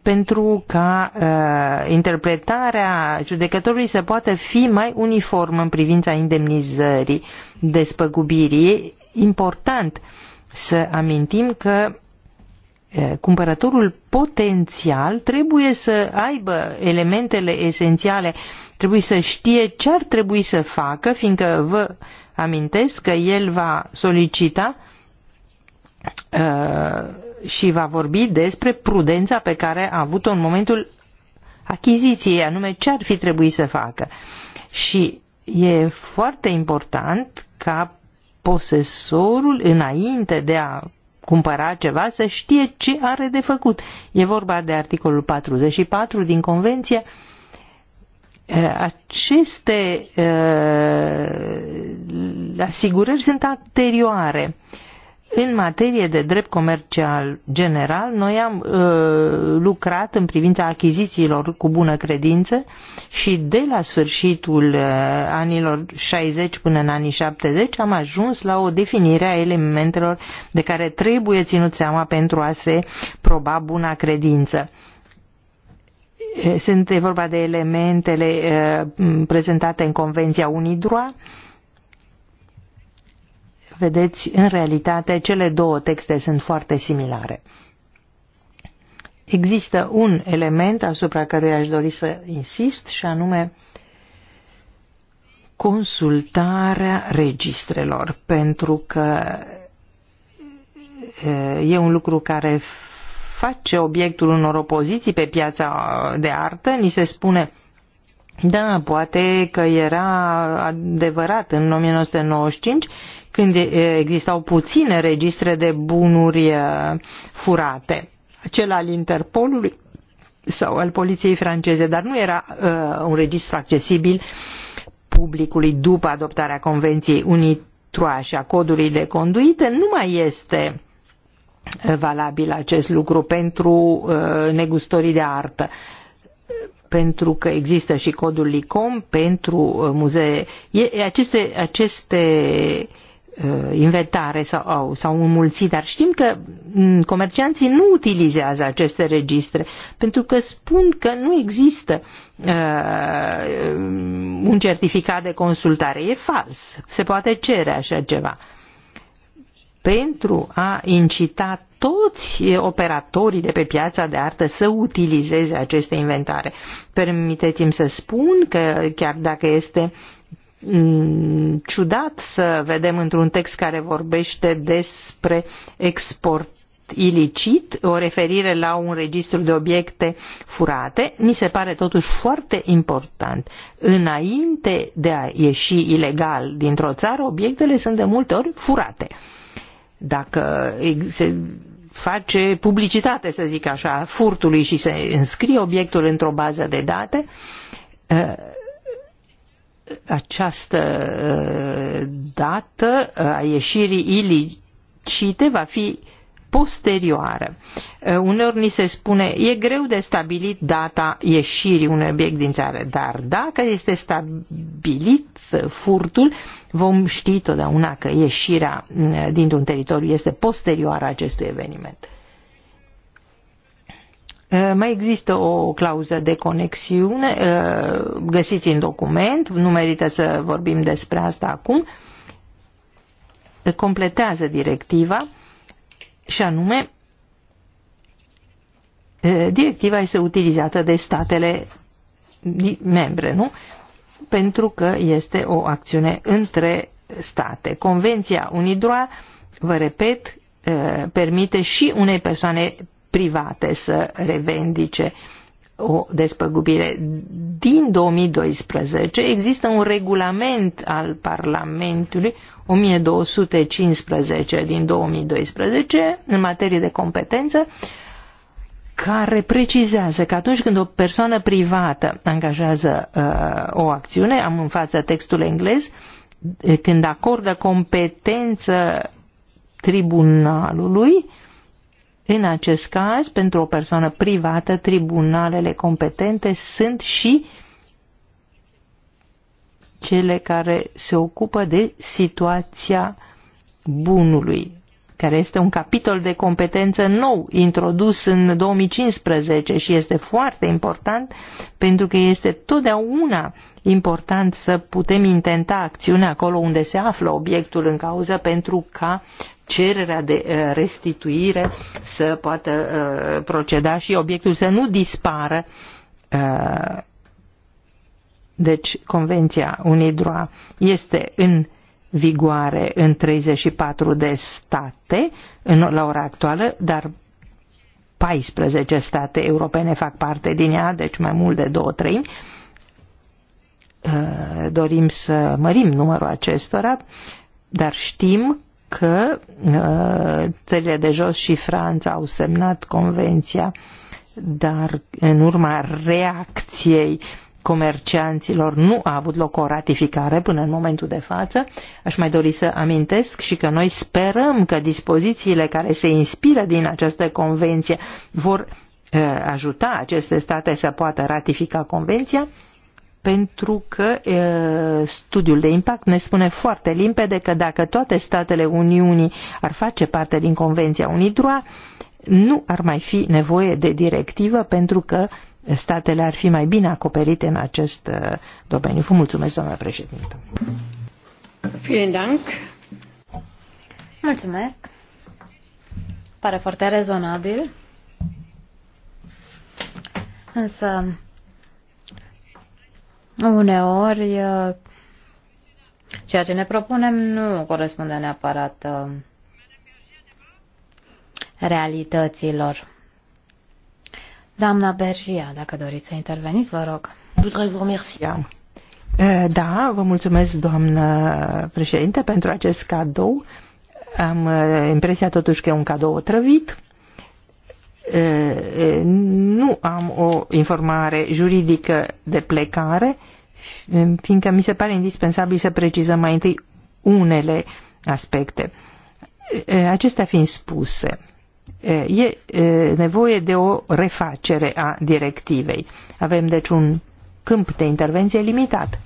Speaker 1: pentru ca uh, interpretarea judecătorului să poată fi mai uniformă în privința indemnizării despăgubirii important să amintim că cumpărătorul potențial trebuie să aibă elementele esențiale, trebuie să știe ce ar trebui să facă, fiindcă vă amintesc că el va solicita și va vorbi despre prudența pe care a avut-o în momentul achiziției, anume ce ar fi trebuit să facă. Și e foarte important ca posesorul, înainte de a cumpăra ceva, să știe ce are de făcut. E vorba de articolul 44 din Convenție. Aceste uh, asigurări sunt anterioare. Uh, în materie de drept comercial general, noi am uh, lucrat în privința achizițiilor cu bună credință și de la sfârșitul uh, anilor 60 până în anii 70 am ajuns la o definire a elementelor de care trebuie ținut seama pentru a se proba buna credință sunt vorba de elementele uh, prezentate în Convenția UNIDROA Vedeți, în realitate, cele două texte sunt foarte similare. Există un element asupra căruia aș dori să insist și anume consultarea registrelor, pentru că e un lucru care face obiectul unor opoziții pe piața de artă, ni se spune da, poate că era adevărat în 1995 când existau puține registre de bunuri furate, cel al Interpolului sau al poliției franceze, dar nu era uh, un registru accesibil publicului după adoptarea Convenției Unitroașe a codului de conduită, nu mai este valabil acest lucru pentru uh, negustorii de artă pentru că există și codul LICOM pentru muzee. aceste, aceste Uh, inventare sau au, sau înmulțit, dar știm că mm, comercianții nu utilizează aceste registre pentru că spun că nu există uh, un certificat de consultare. E fals. Se poate cere așa ceva. Pentru a incita toți operatorii de pe piața de artă să utilizeze aceste inventare. Permiteți-mi să spun că chiar dacă este uh, Mm, ciudat să vedem într-un text care vorbește despre export ilicit, o referire la un registru de obiecte furate, mi se pare totuși foarte important. Înainte de a ieși ilegal dintr-o țară, obiectele sunt de multe ori furate. Dacă se face publicitate, să zic așa, furtului și se înscrie obiectul într-o bază de date, această uh, dată uh, a ieșirii ilicite va fi posterioară. Uh, uneori ni se spune, e greu de stabilit data ieșirii unui obiect din țară, dar dacă este stabilit furtul, vom ști totdeauna că ieșirea dintr-un teritoriu este posterioară acestui eveniment. Eh, mai există o clauză de conexiune, eh, găsiți în document, nu merită să vorbim despre asta acum, completează directiva și anume eh, directiva este utilizată de statele membre, nu? Pentru că este o acțiune între state. Convenția UNIDROA, vă repet, permite și unei persoane private să revendice o despăgubire. Din 2012 există un regulament al Parlamentului 1215 din 2012 în materie de competență care precizează că atunci când o persoană privată angajează uh, o acțiune, am în față textul englez, când acordă competență tribunalului, uh, în acest caz, pentru o persoană privată, tribunalele competente sunt și cele care se ocupă de situația bunului care este un capitol de competență nou introdus în 2015 și este foarte important pentru că este totdeauna important să putem intenta acțiunea acolo unde se află obiectul în cauză pentru ca cererea de uh, restituire să poată uh, proceda și obiectul să nu dispară. Uh, deci, Convenția Unidroa este în vigoare în 34 de state în, la ora actuală, dar 14 state europene fac parte din ea, deci mai mult de două treimi. Uh, dorim să mărim numărul acestora, dar știm că uh, țările de jos și Franța au semnat convenția, dar în urma reacției uh, comercianților nu a avut loc o ratificare până în momentul de față. Aș mai dori să amintesc și că noi sperăm că dispozițiile care se inspiră din această convenție vor eh, ajuta aceste state să poată ratifica convenția pentru că e, eh, studiul de impact ne spune foarte limpede că dacă toate statele Uniunii ar face parte din Convenția UNIDROA, nu ar mai fi nevoie de directivă pentru că statele ar fi mai bine acoperite în acest uh, domeniu. Vă mulțumesc, doamna președintă.
Speaker 3: Vielen Mulțumesc. Pare foarte rezonabil. Însă, uneori, uh, ceea ce ne propunem nu corespunde neapărat uh, realităților. Doamna Bergia, dacă doriți să interveniți, vă rog.
Speaker 1: Da, vă mulțumesc, doamnă președinte, pentru acest cadou. Am impresia totuși că e un cadou otrăvit nu am o informare juridică de plecare, fiindcă mi se pare indispensabil să precizăm mai întâi unele aspecte. Acestea fiind spuse, E nevoie de o refacere a directivei. Avem deci un câmp de intervenție limitat.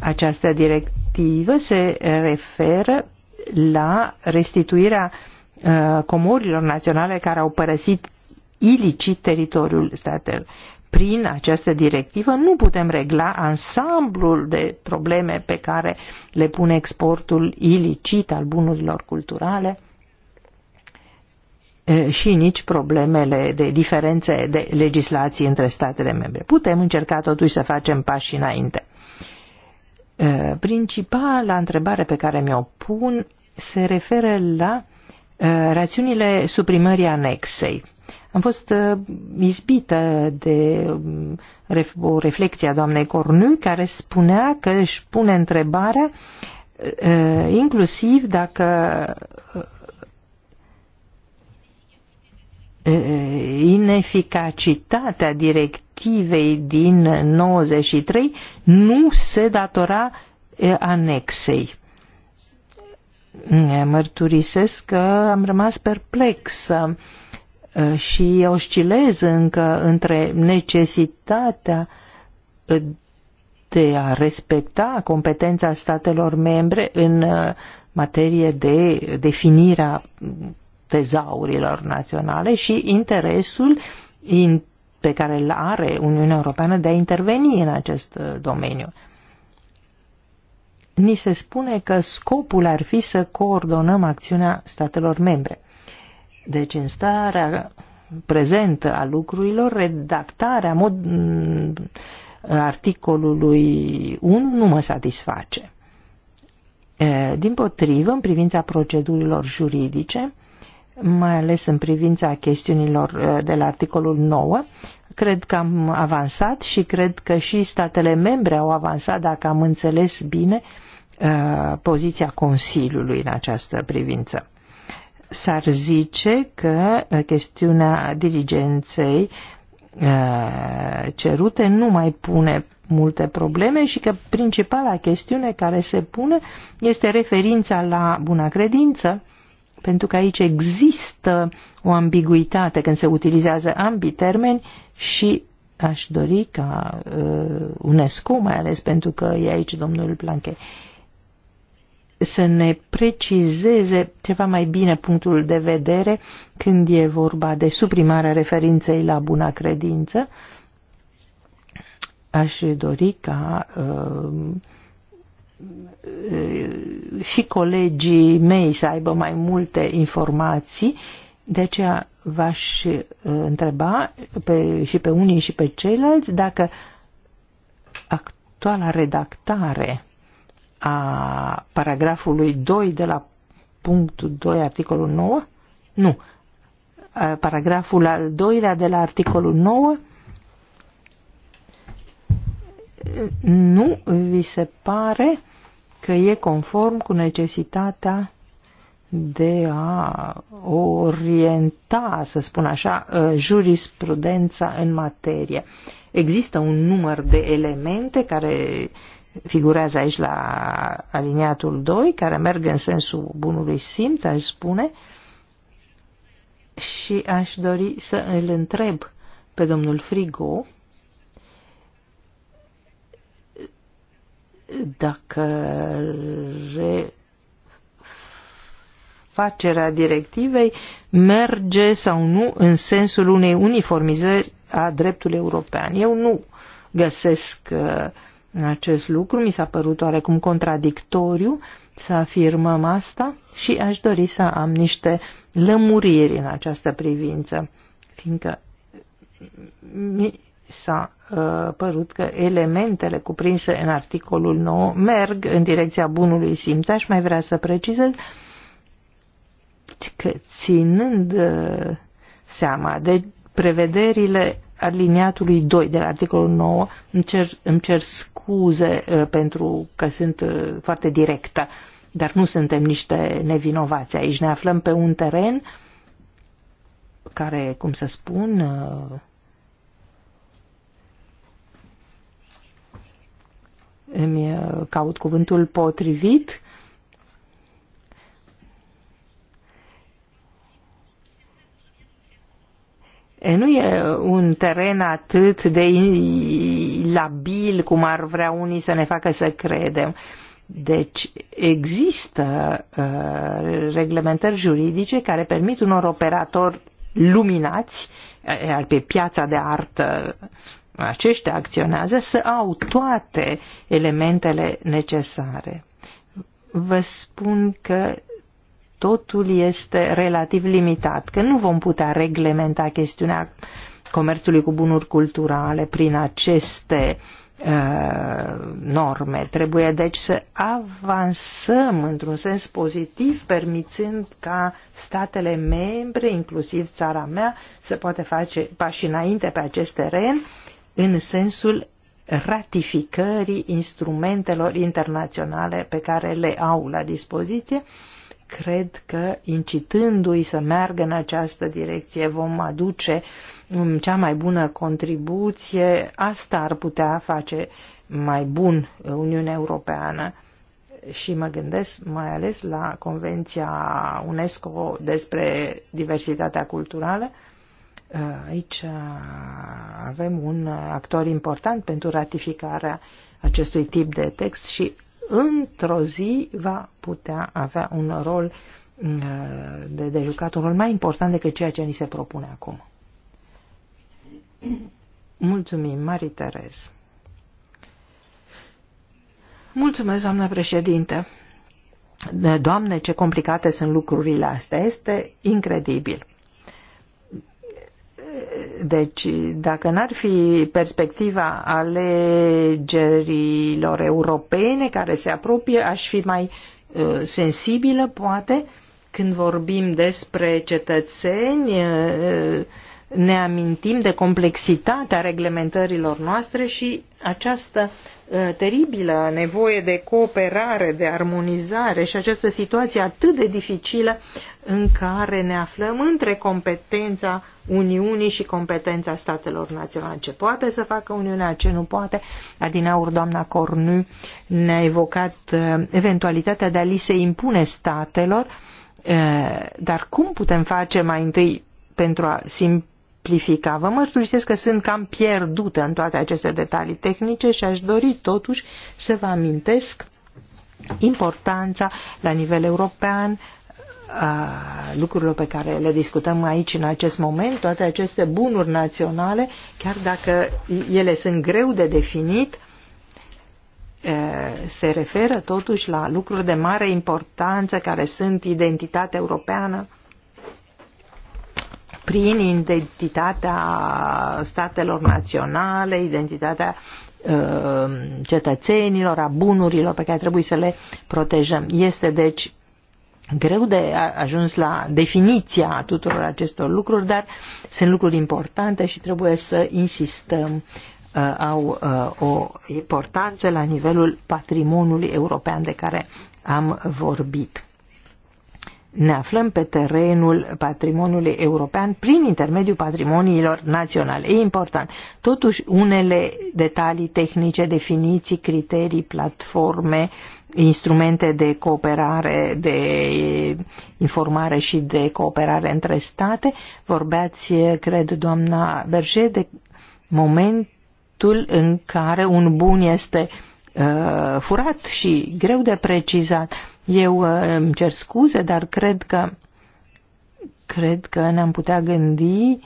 Speaker 1: Această directivă se referă la restituirea comorilor naționale care au părăsit ilicit teritoriul statelor. Prin această directivă nu putem regla ansamblul de probleme pe care le pune exportul ilicit al bunurilor culturale și nici problemele de diferențe de legislații între statele membre. Putem încerca totuși să facem pași înainte. Principala întrebare pe care mi-o pun se referă la rațiunile suprimării anexei. Am fost izbită de um, o reflexie a doamnei Cornu care spunea că își pune întrebarea inclusiv dacă ineficacitatea directivei din 93 nu se datora anexei. Mărturisesc că am rămas perplexă și oscilez încă între necesitatea de a respecta competența statelor membre în materie de definirea tezaurilor naționale și interesul in, pe care îl are Uniunea Europeană de a interveni în acest uh, domeniu. Ni se spune că scopul ar fi să coordonăm acțiunea statelor membre. Deci în starea prezentă a lucrurilor, redactarea mod, mm, articolului 1 nu mă satisface. Din potrivă, în privința procedurilor juridice, mai ales în privința chestiunilor uh, de la articolul 9. Cred că am avansat și cred că și statele membre au avansat, dacă am înțeles bine, uh, poziția Consiliului în această privință. S-ar zice că uh, chestiunea dirigenței cerute nu mai pune multe probleme și că principala chestiune care se pune este referința la buna credință pentru că aici există o ambiguitate când se utilizează ambii termeni și aș dori ca uh, UNESCO, mai ales pentru că e aici domnul Planche, să ne precizeze ceva mai bine punctul de vedere când e vorba de suprimarea referinței la buna credință. Aș dori ca uh, Uh, și colegii mei să aibă mai multe informații, de aceea v-aș uh, întreba pe, și pe unii și pe ceilalți dacă actuala redactare a paragrafului 2 de la punctul 2 articolul 9, nu, paragraful al doilea de la articolul 9, nu vi se pare că e conform cu necesitatea de a orienta, să spun așa, uh, jurisprudența în materie. Există un număr de elemente care figurează aici la aliniatul 2, care merg în sensul bunului simț, aș spune, și aș dori să îl întreb pe domnul Frigo dacă facerea directivei merge sau nu în sensul unei uniformizări a dreptului european. Eu nu găsesc uh, acest lucru, mi s-a părut oarecum contradictoriu să afirmăm asta și aș dori să am niște lămuriri în această privință, fiindcă s-a uh, părut că elementele cuprinse în articolul 9 merg în direcția bunului simț. Aș mai vrea să precizez că ținând uh, seama de prevederile aliniatului 2 de la articolul 9, îmi cer, îmi cer scuze uh, pentru că sunt uh, foarte directă, dar nu suntem niște nevinovați aici. Ne aflăm pe un teren care, cum să spun, uh, îmi uh, caut cuvântul potrivit. nu e un teren atât de labil cum ar vrea unii să ne facă să credem. Deci există uh, reglementări juridice care permit unor operatori luminați uh, pe piața de artă aceștia acționează să au toate elementele necesare. Vă spun că totul este relativ limitat, că nu vom putea reglementa chestiunea comerțului cu bunuri culturale prin aceste uh, norme. Trebuie deci să avansăm într-un sens pozitiv, permițând ca statele membre, inclusiv țara mea, să poate face pași înainte pe acest teren în sensul ratificării instrumentelor internaționale pe care le au la dispoziție, cred că incitându-i să meargă în această direcție vom aduce um, cea mai bună contribuție. Asta ar putea face mai bun Uniunea Europeană și mă gândesc mai ales la Convenția UNESCO despre diversitatea culturală, Aici avem un actor important pentru ratificarea acestui tip de text și într-o zi va putea avea un rol mm, de, de jucat, un rol mai important decât ceea ce ni se propune acum. Mulțumim, Mari Terez. Mulțumesc, doamna președinte. Doamne, ce complicate sunt lucrurile astea. Este incredibil. Deci, dacă n-ar fi perspectiva alegerilor europene care se apropie, aș fi mai uh, sensibilă, poate, când vorbim despre cetățeni, uh, ne amintim de complexitatea reglementărilor noastre și această uh, Uh, teribilă nevoie de cooperare, de armonizare și această situație atât de dificilă în care ne aflăm între competența Uniunii și competența statelor naționale. Ce poate să facă Uniunea, ce nu poate. Adinaur, doamna Cornu ne-a evocat uh, eventualitatea de a li se impune statelor, uh, dar cum putem face mai întâi pentru a simplifica. Vă mărturisesc că sunt cam pierdută în toate aceste detalii tehnice și aș dori totuși să vă amintesc importanța la nivel european a lucrurilor pe care le discutăm aici în acest moment, toate aceste bunuri naționale, chiar dacă ele sunt greu de definit, se referă totuși la lucruri de mare importanță care sunt identitatea europeană, prin identitatea statelor naționale, identitatea uh, cetățenilor, a bunurilor pe care trebuie să le protejăm. Este deci greu de ajuns la definiția tuturor acestor lucruri, dar sunt lucruri importante și trebuie să insistăm uh, au uh, o importanță la nivelul patrimoniului european de care am vorbit ne aflăm pe terenul patrimoniului european prin intermediul patrimoniilor naționale. E important. Totuși, unele detalii tehnice, definiții, criterii, platforme, instrumente de cooperare, de informare și de cooperare între state. Vorbeați, cred, doamna Berger, de momentul în care un bun este uh, furat și greu de precizat. Uh, eu uh, îmi cer scuze, dar cred că, cred că ne-am putea gândi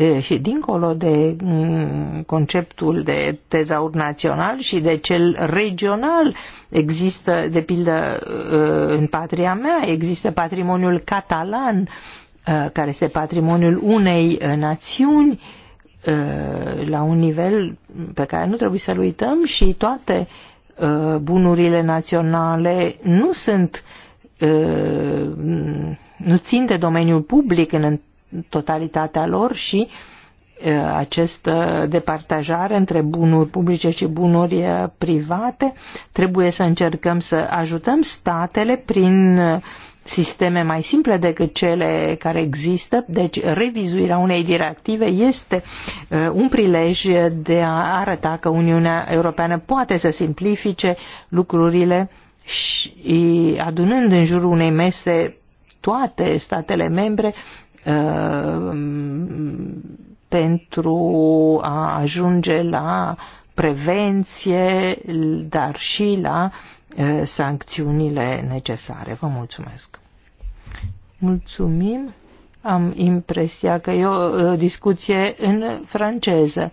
Speaker 1: uh, și dincolo de mm, conceptul de tezaur național și de cel regional, există, de pildă, uh, în patria mea, există patrimoniul catalan, care este patrimoniul unei națiuni la un nivel pe care nu trebuie să-l uităm și toate uh, Uh, bunurile naționale nu sunt uh, nu țin de domeniul public în totalitatea lor și uh, această departajare între bunuri publice și bunuri private. Trebuie să încercăm să ajutăm statele prin sisteme mai simple decât cele care există, deci revizuirea unei directive este uh, un prilej de a arăta că Uniunea Europeană poate să simplifice lucrurile și adunând în jurul unei mese toate statele membre uh, pentru a ajunge la prevenție, dar și la sancțiunile necesare. Vă mulțumesc. Mulțumim. Am impresia că e o discuție în franceză.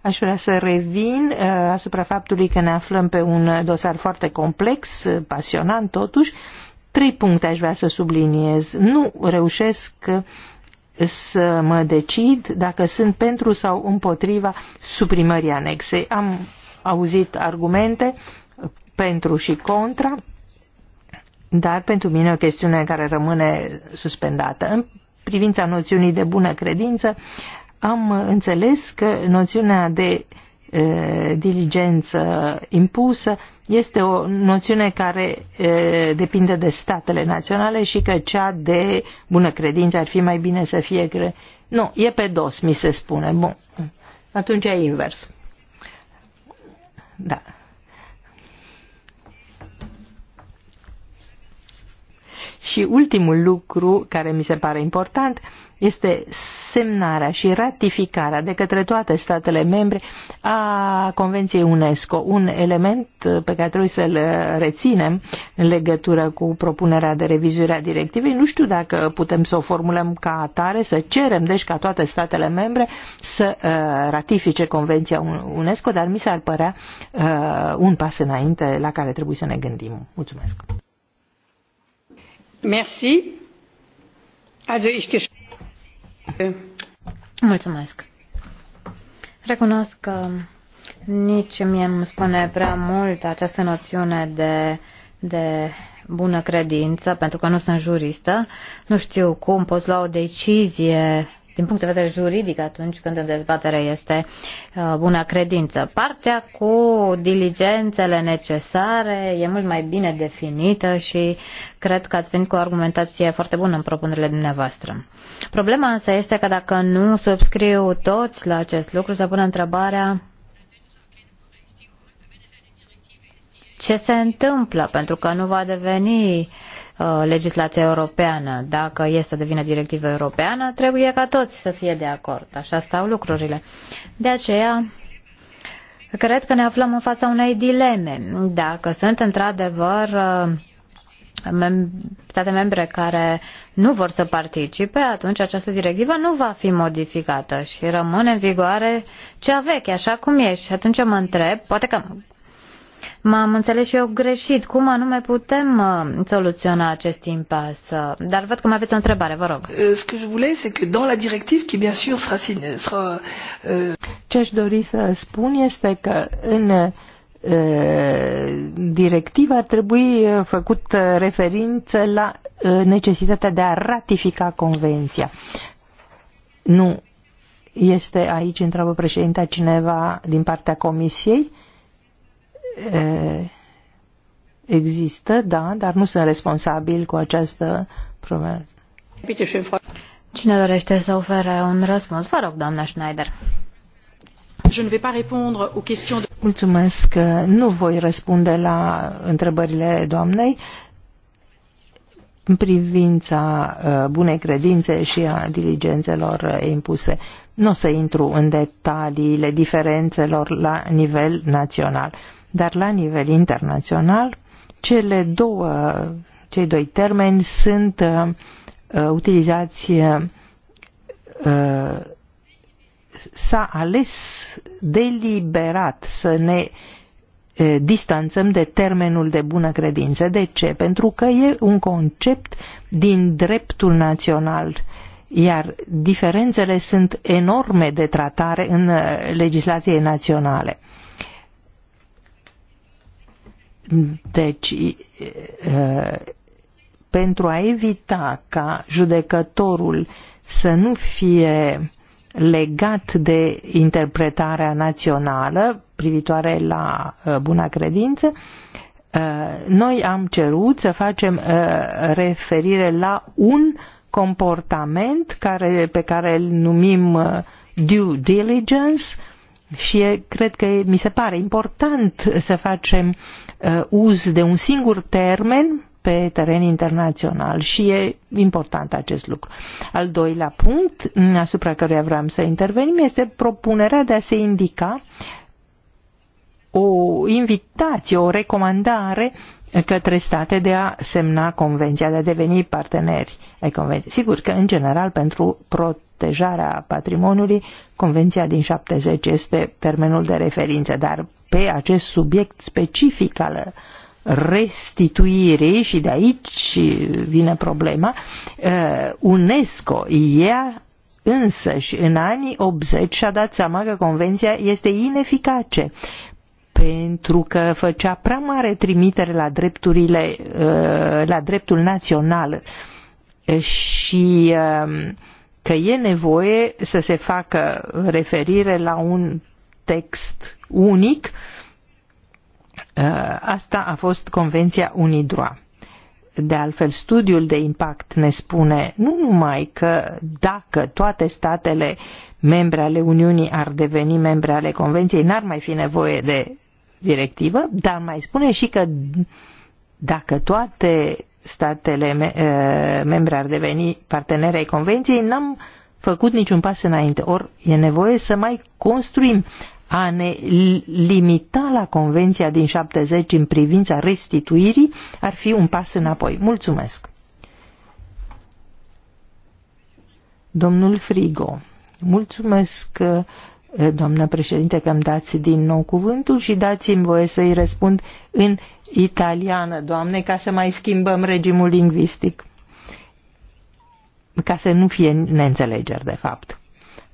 Speaker 1: Aș vrea să revin asupra faptului că ne aflăm pe un dosar foarte complex, pasionant totuși. Trei puncte aș vrea să subliniez. Nu reușesc să mă decid dacă sunt pentru sau împotriva suprimării anexei. Am auzit argumente pentru și contra, dar pentru mine o chestiune care rămâne suspendată. În privința noțiunii de bună credință, am înțeles că noțiunea de diligență impusă este o noțiune care depinde de statele naționale și că cea de bună credință ar fi mai bine să fie... Cre... Nu, e pe dos, mi se spune. Bun. Atunci e invers. Da. Și ultimul lucru care mi se pare important este semnarea și ratificarea de către toate statele membre a Convenției UNESCO, un element uh, pe care trebuie să-l uh, reținem în legătură cu propunerea de revizuire a directivei. Nu știu dacă putem să o formulăm ca atare, să cerem deci ca toate statele membre să uh, ratifice Convenția UNESCO, dar mi s-ar părea un pas înainte la care trebuie să ne gândim. Mulțumesc! Merci.
Speaker 3: Also ich Mulțumesc. Recunosc că nici mie îmi spune prea mult această noțiune de, de bună credință, pentru că nu sunt juristă. Nu știu cum poți lua o decizie din punct de vedere juridic atunci când în dezbatere este uh, bună credință. Partea cu diligențele necesare e mult mai bine definită și cred că ați venit cu o argumentație foarte bună în propunerile dumneavoastră. Problema însă este că dacă nu subscriu toți la acest lucru, se pune întrebarea ce se întâmplă, pentru că nu va deveni uh, Uh, legislația europeană. Dacă este să devină directivă europeană, trebuie ca toți să fie de acord. Așa stau lucrurile. De aceea, cred că ne aflăm în fața unei dileme. Dacă sunt într-adevăr uh, state membre care nu vor să participe, atunci această directivă nu va fi modificată și rămâne în vigoare cea veche, așa cum e. Și atunci mă întreb, poate că M-am înțeles și eu greșit. Cum anume putem uh, soluționa acest impas? Uh, dar văd că mai aveți o întrebare,
Speaker 1: vă rog. Uh, euh, ce aș dori să spun este că în directivă ar trebui făcut referință la necesitatea de a ratifica convenția. Nu este aici, întreabă președinta, cineva din partea comisiei? există, da, dar nu sunt responsabil cu această problemă.
Speaker 3: Cine dorește să ofere un răspuns? Vă rog, doamna Schneider.
Speaker 1: Je ne vais pas répondre aux questions de... Mulțumesc. Nu voi răspunde la întrebările doamnei în privința uh, bunei credințe și a diligențelor uh, impuse. Nu o să intru în detaliile diferențelor la nivel național. Dar la nivel internațional, cele două, cei doi termeni sunt uh, uh utilizați uh, s-a ales deliberat să ne uh, distanțăm de termenul de bună credință. De ce? Pentru că e un concept din dreptul național iar diferențele sunt enorme de tratare în uh, legislației naționale. Deci, pentru a evita ca judecătorul să nu fie legat de interpretarea națională privitoare la buna credință, noi am cerut să facem referire la un comportament care, pe care îl numim due diligence și cred că mi se pare important să facem Uh, uz de un singur termen pe teren internațional și e important acest lucru. Al doilea punct asupra căruia vreau să intervenim este propunerea de a se indica o invitație, o recomandare către state de a semna convenția, de a deveni parteneri ai convenției. Sigur că, în general, pentru protejarea patrimoniului, convenția din 70 este termenul de referință, dar pe acest subiect specific al restituirii și de aici vine problema, uh, UNESCO, ea însăși în anii 80 și-a dat seama că convenția este ineficace pentru că făcea prea mare trimitere la drepturile, uh, la dreptul național și uh, că e nevoie să se facă referire la un text unic. Uh, asta a fost Convenția UNIDROA. De altfel, studiul de impact ne spune nu numai că dacă toate statele membre ale Uniunii ar deveni membre ale Convenției, n-ar mai fi nevoie de directivă, dar mai spune și că dacă toate statele me uh, membre ar deveni parteneri ai Convenției, n-am făcut niciun pas înainte. Ori e nevoie să mai construim a ne limita la Convenția din 70 în privința restituirii ar fi un pas înapoi. Mulțumesc! Domnul Frigo, mulțumesc eh, doamnă președinte, că îmi dați din nou cuvântul și dați-mi voie să-i răspund în italiană, doamne, ca să mai schimbăm regimul lingvistic. Ca să nu fie neînțelegeri, de fapt.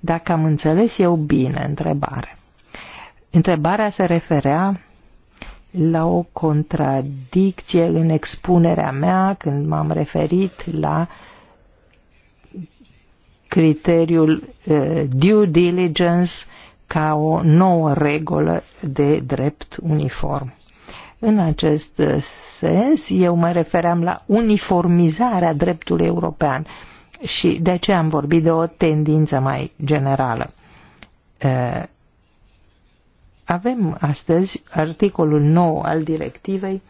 Speaker 1: Dacă am înțeles eu bine întrebare. Întrebarea se referea la o contradicție în expunerea mea când m-am referit la criteriul uh, due diligence ca o nouă regulă de drept uniform. În acest uh, sens, eu mă refeream la uniformizarea dreptului european și de aceea am vorbit de o tendință mai generală. Uh, avem astăzi articolul 9 al directivei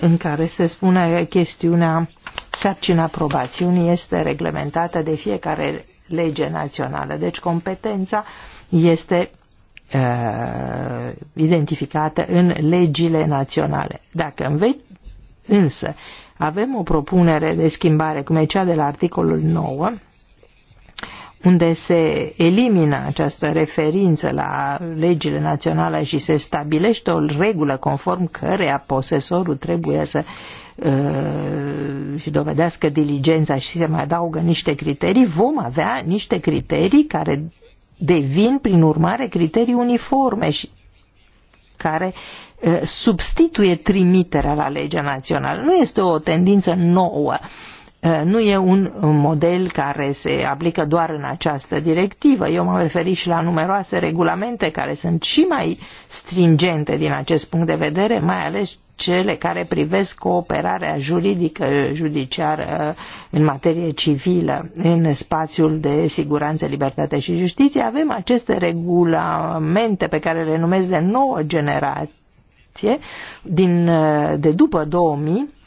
Speaker 1: în care se spune că chestiunea sarcina aprobațiunii este reglementată de fiecare lege națională. Deci competența este uh, identificată în legile naționale. Dacă înveți, însă avem o propunere de schimbare, cum e cea de la articolul 9, unde se elimină această referință la legile naționale și se stabilește o regulă conform cărea posesorul trebuie să uh, și dovedească diligența și se mai adaugă niște criterii, vom avea niște criterii care devin, prin urmare, criterii uniforme și care uh, substituie trimiterea la legea națională. Nu este o tendință nouă. Uh, Eh, nu e un model care se aplică doar în această directivă. Eu m-am referit și la numeroase regulamente care sunt și mai stringente din acest punct de vedere, mai ales cele care privesc cooperarea juridică judiciară eh, în materie civilă în spațiul de siguranță, libertate și justiție. Avem aceste regulamente pe care le numesc de nouă generație din, eh, de după 2000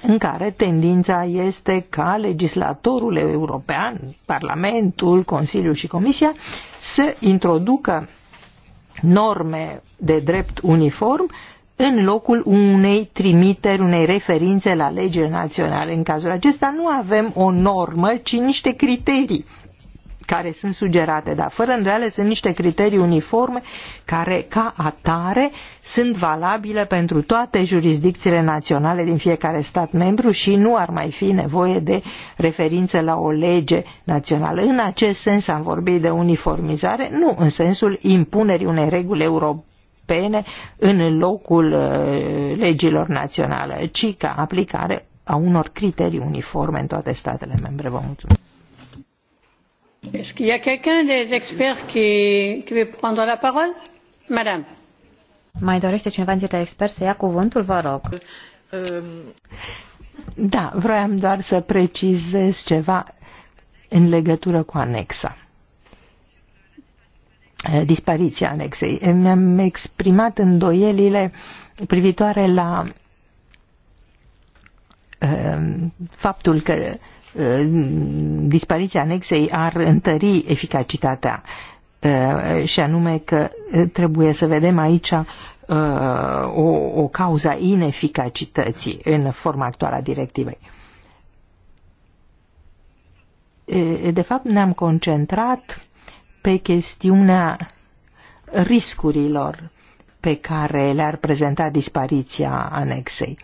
Speaker 1: în care tendința este ca legislatorul european, Parlamentul, Consiliul și Comisia să introducă norme de drept uniform în locul unei trimiteri, unei referințe la lege naționale. În cazul acesta nu avem o normă, ci niște criterii care sunt sugerate, dar fără îndoială sunt niște criterii uniforme care, ca atare, sunt valabile pentru toate jurisdicțiile naționale din fiecare stat membru și nu ar mai fi nevoie de referință la o lege națională. În acest sens am vorbit de uniformizare, nu în sensul impunerii unei reguli europene în locul uh, legilor naționale, ci ca aplicare a unor criterii uniforme în toate statele membre. Vă mulțumesc. Est-ce qu'il y a
Speaker 2: quelqu'un des experts qui, qui veut prendre la parole Madame.
Speaker 1: Mai
Speaker 3: dorește cineva dintre experți să ia cuvântul, vă rog. Ehm,
Speaker 1: da, vroiam doar să precizez ceva în legătură cu anexa. Dispariția anexei. Mi-am exprimat îndoielile privitoare la ehm, faptul că Uh, dispariția anexei ar întări eficacitatea uh, și anume că trebuie să vedem aici uh, o, o cauza ineficacității în forma actuală a directivei. De fapt, ne-am concentrat pe chestiunea riscurilor pe care le-ar prezenta dispariția anexei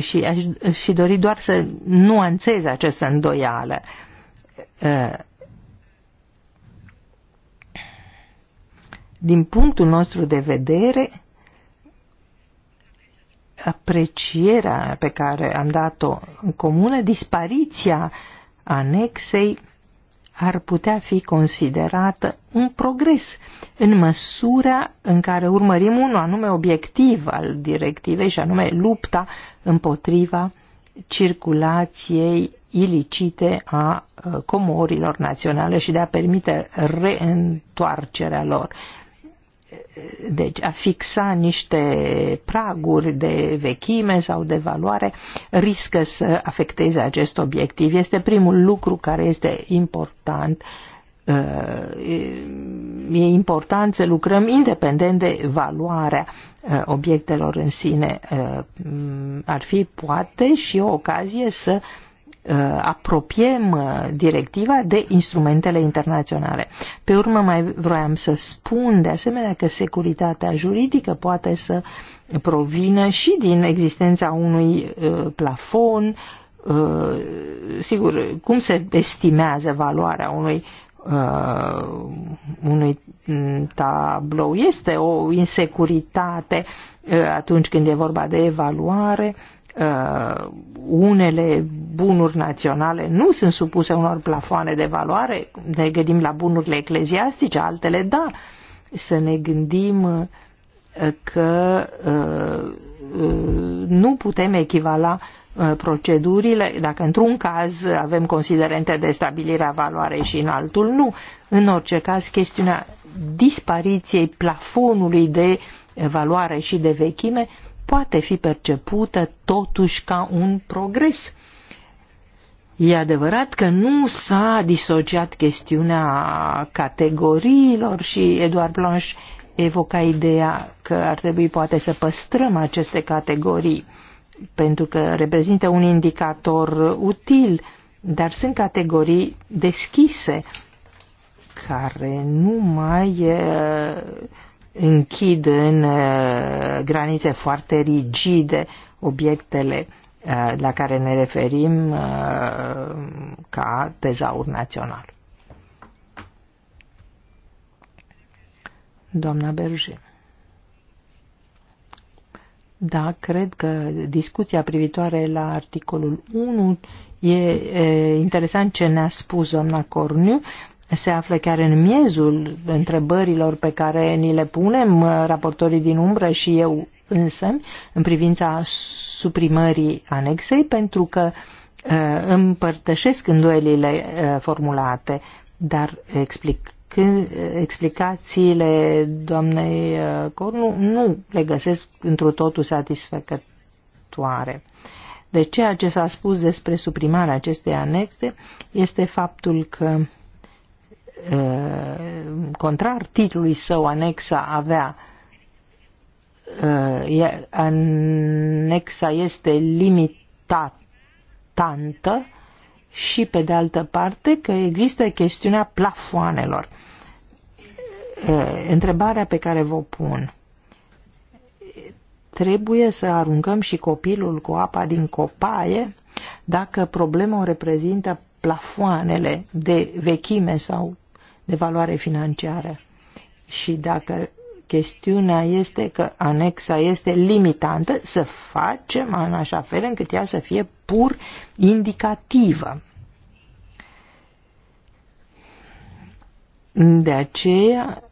Speaker 1: și aș și dori doar să nuanțez această îndoială. Din punctul nostru de vedere, aprecierea pe care am dat-o în comună, dispariția anexei ar putea fi considerată un progres în măsura în care urmărim un anume obiectiv al directivei și anume lupta împotriva circulației ilicite a uh, comorilor naționale și de a permite reîntoarcerea lor. Deci a fixa niște praguri de vechime sau de valoare riscă să afecteze acest obiectiv. Este primul lucru care este important uh, Uh, e important să lucrăm independent de valoarea uh, obiectelor în sine. Uh, ar fi poate și o ocazie să apropiem directiva de instrumentele internaționale. Pe urmă mai vroiam să spun de asemenea că securitatea juridică poate să provină și din existența unui plafon sigur, cum se estimează valoarea unui uh, unui tablou. Este o insecuritate uh, atunci când e vorba de evaluare. Uh, unele bunuri naționale nu sunt supuse unor plafoane de valoare, ne gândim la bunurile ecleziastice, altele da. Să ne gândim uh, că uh, uh, nu putem echivala Uh, procedurile, dacă într-un caz avem considerente de stabilire a valoarei și în altul nu. În orice caz, chestiunea dispariției plafonului de valoare și de vechime poate fi percepută totuși ca un progres. E adevărat că nu s-a disociat chestiunea categoriilor și Eduard Blanche evoca ideea că ar trebui poate să păstrăm aceste categorii pentru că reprezintă un indicator util, dar sunt categorii deschise care nu mai închid în granițe foarte rigide obiectele la care ne referim ca tezaur național. Doamna Berger. Da, cred că discuția privitoare la articolul 1 e, e interesant ce ne-a spus doamna Corniu. Se află chiar în miezul întrebărilor pe care ni le punem raportorii din umbră și eu însă în privința suprimării anexei pentru că împărtășesc îndoielile formulate, dar explic când explicațiile doamnei uh, Cornu nu le găsesc într-o totul satisfăcătoare. De ceea ce s-a spus despre suprimarea acestei anexe este faptul că uh, contrar titlului său anexa avea uh, anexa este limitată și pe de altă parte că există chestiunea plafoanelor întrebarea pe care vă pun trebuie să aruncăm și copilul cu apa din copaie dacă problema o reprezintă plafoanele de vechime sau de valoare financiară. Și dacă chestiunea este că anexa este limitantă, să facem în așa fel încât ea să fie pur indicativă. De aceea,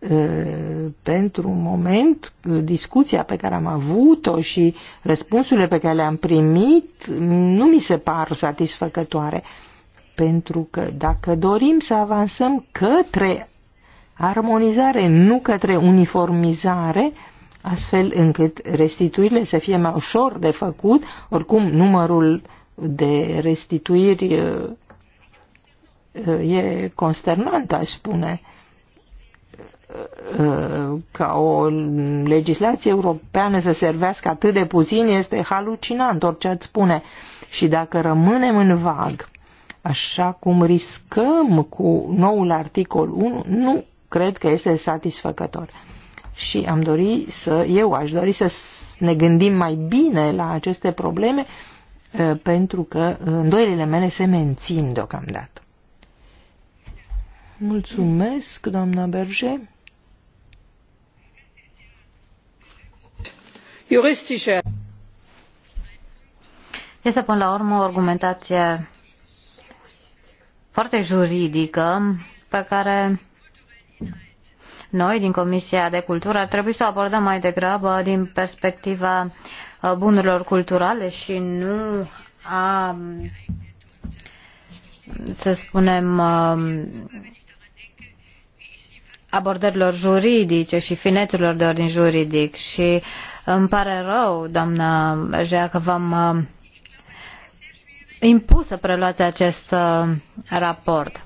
Speaker 1: pentru un moment, discuția pe care am avut-o și răspunsurile pe care le-am primit nu mi se par satisfăcătoare. Pentru că dacă dorim să avansăm către armonizare, nu către uniformizare, astfel încât restituirile să fie mai ușor de făcut, oricum numărul de restituiri e consternant, aș spune Uh, ca o legislație europeană să servească atât de puțin este halucinant orice ați spune. Și dacă rămânem în vag, așa cum riscăm cu noul articol 1, nu cred că este satisfăcător. Și am dori să, eu aș dori să ne gândim mai bine la aceste probleme uh, pentru că îndoielile mele se mențin deocamdată. Mulțumesc, doamna Berger.
Speaker 3: juristische. Este până la urmă o argumentație foarte juridică pe care noi din Comisia de Cultură ar trebui să o abordăm mai degrabă din perspectiva uh, bunurilor culturale și nu a, să spunem, um, abordărilor juridice și finețelor de ordin juridic și uh, îmi pare rău, doamna Jea, că v-am uh, impus să preluați acest uh, raport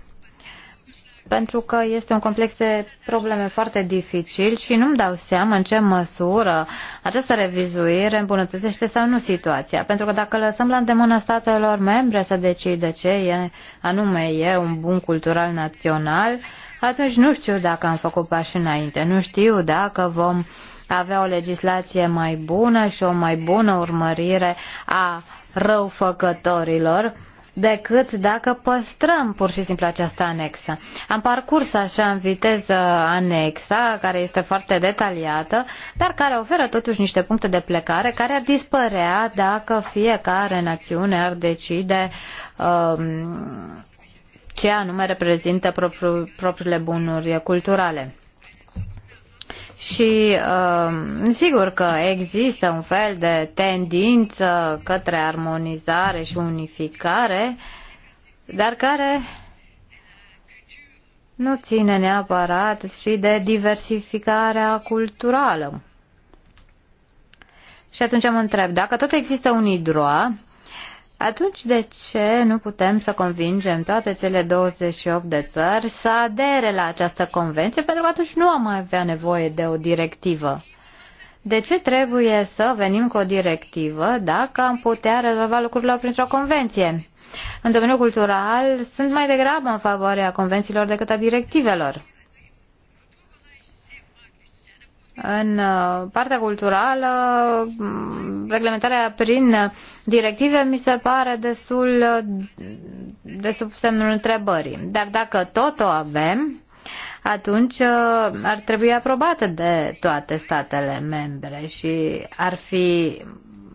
Speaker 3: pentru că este un complex de probleme foarte dificil și nu-mi dau seama în ce măsură această revizuire îmbunătățește sau nu situația. Pentru că dacă lăsăm la îndemâna statelor membre să decide ce e, anume e un bun cultural național, atunci nu știu dacă am făcut pași înainte, nu știu dacă vom uh, avea o legislație mai bună și o mai bună urmărire a răufăcătorilor decât dacă păstrăm pur și simplu această anexă. Am parcurs așa în viteză anexa, care este foarte detaliată, dar care oferă totuși niște puncte de plecare care ar dispărea dacă fiecare națiune ar decide um, ce anume reprezintă propriu, propriile bunuri culturale. Și uh, sigur că există un fel de tendință către armonizare și unificare, dar care nu ține neapărat și de diversificarea culturală. Și atunci mă întreb, dacă tot există un idroa atunci de ce nu putem să convingem toate cele 28 de țări să adere la această convenție? Pentru că atunci nu am mai avea nevoie de o directivă. De ce trebuie să venim cu o directivă dacă am putea rezolva lucrurile printr-o convenție? În domeniul cultural sunt mai degrabă în favoarea convențiilor decât a directivelor în uh, partea culturală, mm, reglementarea prin directive mi se pare destul uh, de sub semnul întrebării. Dar dacă tot o avem, atunci uh, ar trebui aprobată de toate statele membre și ar fi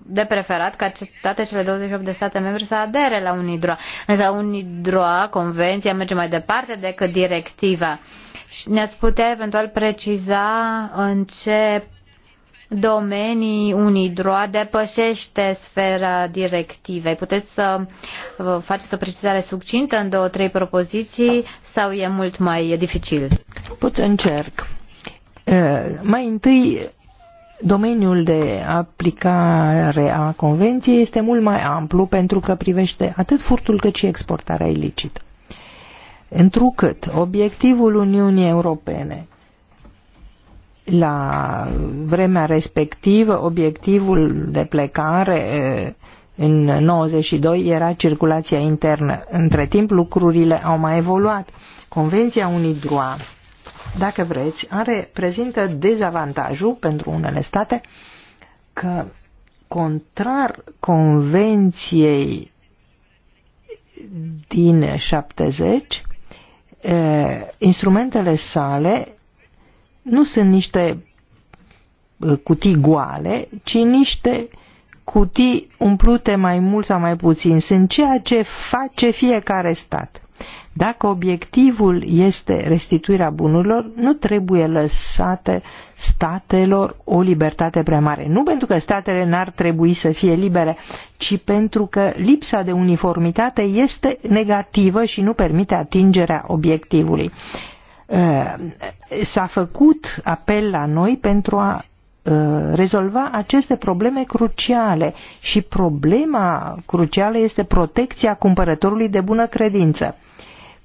Speaker 3: de preferat ca toate cele 28 de state membre să adere la UNIDROA. Însă UNIDROA, convenția, merge mai departe decât directiva ne-ați putea eventual preciza în ce domenii UNIDROA depășește sfera directivei. Puteți să faceți o precizare succintă în două, trei propoziții sau e mult mai dificil?
Speaker 1: Pot încerc. Mai întâi, domeniul de aplicare a convenției este mult mai amplu pentru că privește atât furtul cât și exportarea ilicită întrucât obiectivul Uniunii Europene la vremea respectivă, obiectivul de plecare în 92 era circulația internă. Între timp lucrurile au mai evoluat. Convenția UNIDROA, dacă vreți, are, prezintă dezavantajul pentru unele state că contrar convenției din 70 Eh, instrumentele sale nu sunt niște eh, cutii goale, ci niște cutii umplute mai mult sau mai puțin. Sunt ceea ce face fiecare stat. Dacă obiectivul este restituirea bunurilor, nu trebuie lăsate statelor o libertate prea mare. Nu pentru că statele n-ar trebui să fie libere, ci pentru că lipsa de uniformitate este negativă și nu permite atingerea obiectivului. Uh, s-a făcut apel la noi pentru a uh, rezolva aceste probleme cruciale și problema crucială este protecția cumpărătorului de bună credință.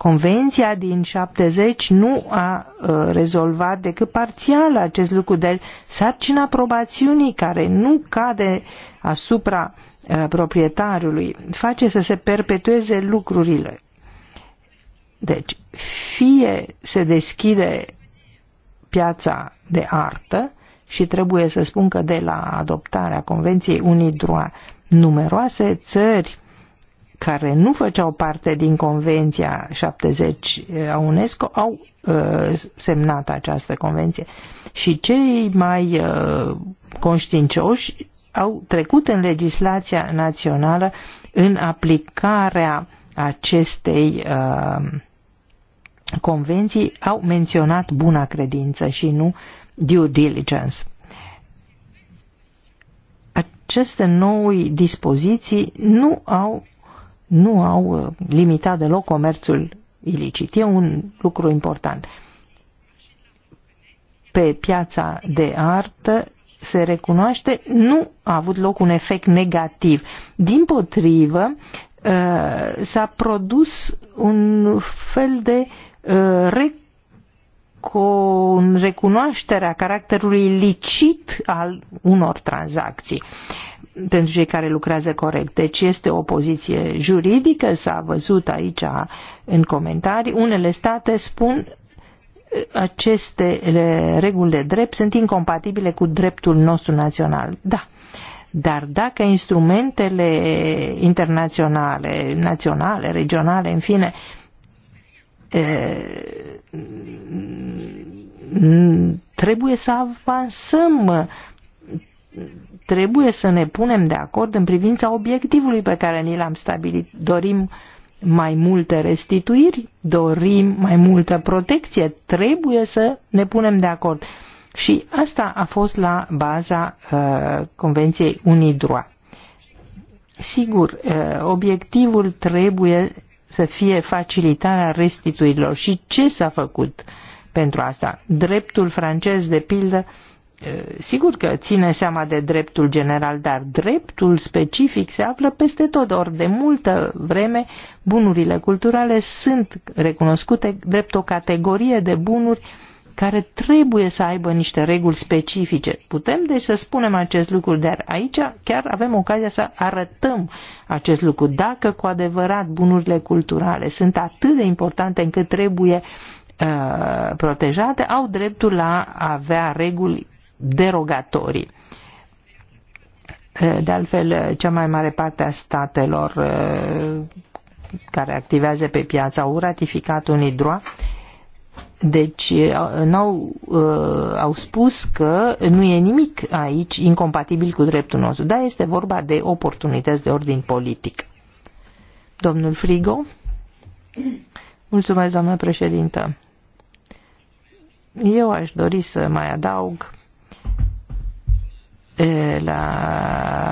Speaker 1: Convenția din 70 nu a uh, rezolvat decât parțial acest lucru, de sarcina aprobațiunii care nu cade asupra uh, proprietarului face să se perpetueze lucrurile. Deci, fie se deschide piața de artă, și trebuie să spun că de la adoptarea Convenției Droa numeroase țări care nu făceau parte din Convenția 70 uh, a UNESCO au uh, semnat această convenție și cei mai uh, conștiincioși au trecut în legislația națională în aplicarea acestei uh, convenții au menționat buna credință și nu due diligence. Aceste noi dispoziții nu au nu au uh, limitat deloc comerțul ilicit. E un lucru important. Pe piața de artă se recunoaște, nu a avut loc un efect negativ. Din potrivă, uh, s-a produs un fel de uh, recunoaștere a caracterului licit al unor tranzacții pentru cei care lucrează corect. Deci este o poziție juridică, s-a văzut aici în comentarii. Unele state spun aceste reguli de drept sunt incompatibile cu dreptul nostru național. Da. Dar dacă instrumentele internaționale, naționale, regionale, în fine, trebuie să avansăm trebuie să ne punem de acord în privința obiectivului pe care ni l-am stabilit. Dorim mai multe restituiri, dorim mai multă protecție, trebuie să ne punem de acord. Și asta a fost la baza uh, Convenției UNIDROA. Sigur, uh, obiectivul trebuie să fie facilitarea restituirilor. Și ce s-a făcut pentru asta? Dreptul francez, de pildă, uh, Eh, sigur că ține seama de dreptul general, dar dreptul specific se află peste tot, ori de multă vreme bunurile culturale sunt recunoscute drept o categorie de bunuri care trebuie să aibă niște reguli specifice. Putem deci să spunem acest lucru, dar aici chiar avem ocazia să arătăm acest lucru. Dacă cu adevărat bunurile culturale sunt atât de importante încât trebuie uh, protejate au dreptul la a avea reguli derogatorii. De altfel, cea mai mare parte a statelor eh, care activează pe piață au ratificat un idroa. deci eh, au eh, au spus că nu e nimic aici incompatibil cu dreptul nostru, dar este vorba de oportunități de ordin politic. Domnul Frigo? Mulțumesc, doamnă președintă. Eu aș dori să mai adaug la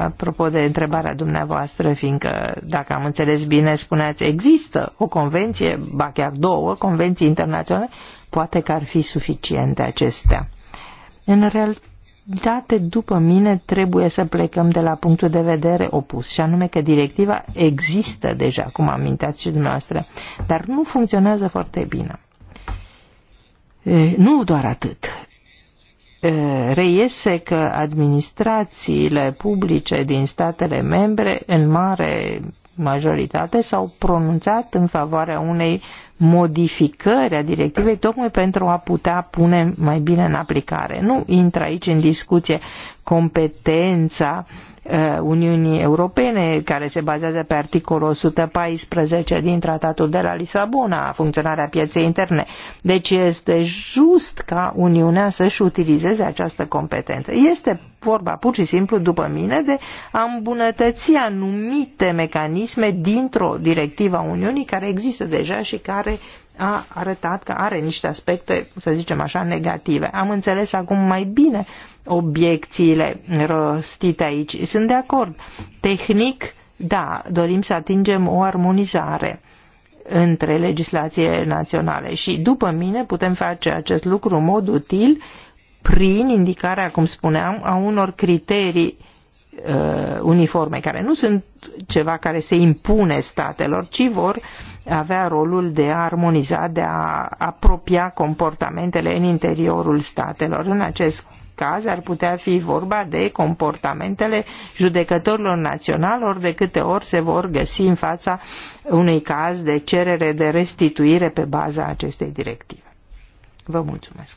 Speaker 1: apropo de întrebarea dumneavoastră, fiindcă, dacă am înțeles bine, spuneați, există o convenție, ba chiar două convenții internaționale, poate că ar fi suficiente acestea. În realitate, după mine, trebuie să plecăm de la punctul de vedere opus, și anume că directiva există deja, cum amintați și dumneavoastră, dar nu funcționează foarte bine. E, nu doar atât reiese că administrațiile publice din statele membre, în mare majoritate, s-au pronunțat în favoarea unei modificări a directivei tocmai pentru a putea pune mai bine în aplicare. Nu intră aici în discuție competența Uh, Uniunii Europene, care se bazează pe articolul 114 din Tratatul de la Lisabona, funcționarea pieței interne. Deci este just ca Uniunea să-și utilizeze această competență. Este vorba pur și simplu, după mine, de a îmbunătăți anumite mecanisme dintr-o directivă a Uniunii care există deja și care a arătat că are niște aspecte, să zicem așa, negative. Am înțeles acum mai bine obiecțiile rostite aici. Sunt de acord. Tehnic, da, dorim să atingem o armonizare între legislație naționale și după mine putem face acest lucru în mod util prin indicarea, cum spuneam, a unor criterii uh, uniforme, care nu sunt ceva care se impune statelor, ci vor avea rolul de a armoniza, de a apropia comportamentele în interiorul statelor. În acest caz ar putea fi vorba de comportamentele judecătorilor naționali ori de câte ori se vor găsi în fața unui caz de cerere de restituire pe baza acestei directive. Vă mulțumesc.